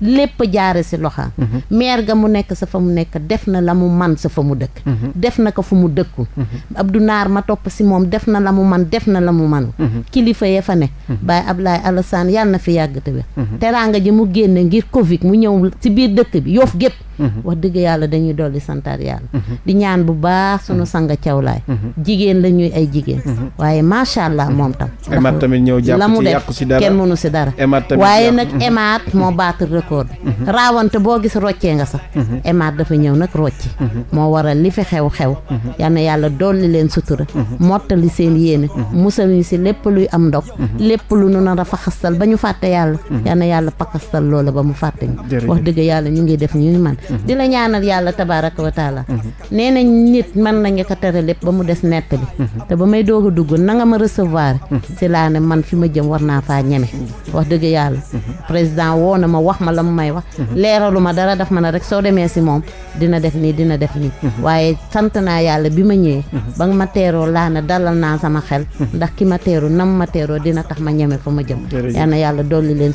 lépp jaare si loxaam maire ga mu nekk sa fa mu nekk def na la man sa fa mu dëkk Mm-hmm. Abdou Naar ma topp si moom def na la mu man def na la mu manu mm-hmm. kilifa ya fa ne mm-hmm. Baye Ablaye Alassane yàlla na fi yàgg te teraanga ji mu génne ngir Covid mu ñëw si biir dëkk bi yoof gépp Mm-hmm. wax dëgg yàlla dañuy dolli santaat yàlla mm-hmm. di ñaan bu baax sunu mm-hmm. sanga cawlaay jigéen la ñuy ay jigéen waaye macha allah moom tam emaat tamit ñëw jàpp la mu def kenn mënu si dara waaye nag emaat moo baatul record bi raawante boo gis roccee nga sax emaat dafa ñëw nag rocci moo waral li fi xew-xew na yàlla dolli leen sutura mottali seen yéene musal ñu si lépp luy am ndog lépp lu nu nar a faxastal ba ñu fàtte yàlla yal yàlla pakastal loola ba mu fàtte ñu wax dëgg yàlla ñu ngi def ñu di la ñaanal yàlla tabaaraka wa taala mhm. nee nañ nit mën nañu ko tere lépp ba mu des nettali mhm. te ba may doog a dugg nanga ma recevoir mhm. si laa ne man fi ma jëm war naa faa ñeme wax dëgg yàlla président woo na ma wax ma la mu may wax leeralu ma dara daf ma ne rek soo demee si moom dina def nii dina def nii waaye sant naa yàlla bi ma ñëwee ba nga ma teeroo laa ne dalal naa sama xel ndax ki ma teeru nam ma teeroo dina tax ma ñeme fa ma jëm yal yàlla dolli leen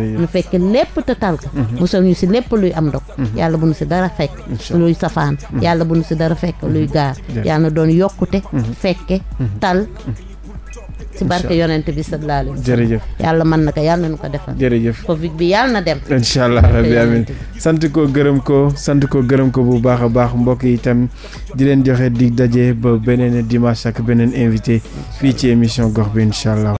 ñu fekkee lépp te tal ka mhm. musal ñu si lépp luy am ndog mhm. yàlla bu si dara fekk luy safaan mhm. yàlla bu si dara fekk luy gaar yàlla doon yokkute fekke tal ci barke yonent bi sallallahu alayhi wa sallam jërëjëf yàlla mën na ko yàlla nañu ko defal jërëjëf covid bi yàlla na dem incha allah rabbi sant ko gërëm ko sant ko gërëm ko bu baax a baax mbokk yi itam di leen joxe dig daje ba beneen dimanche ak beneen invité fii ci émission gox bi incha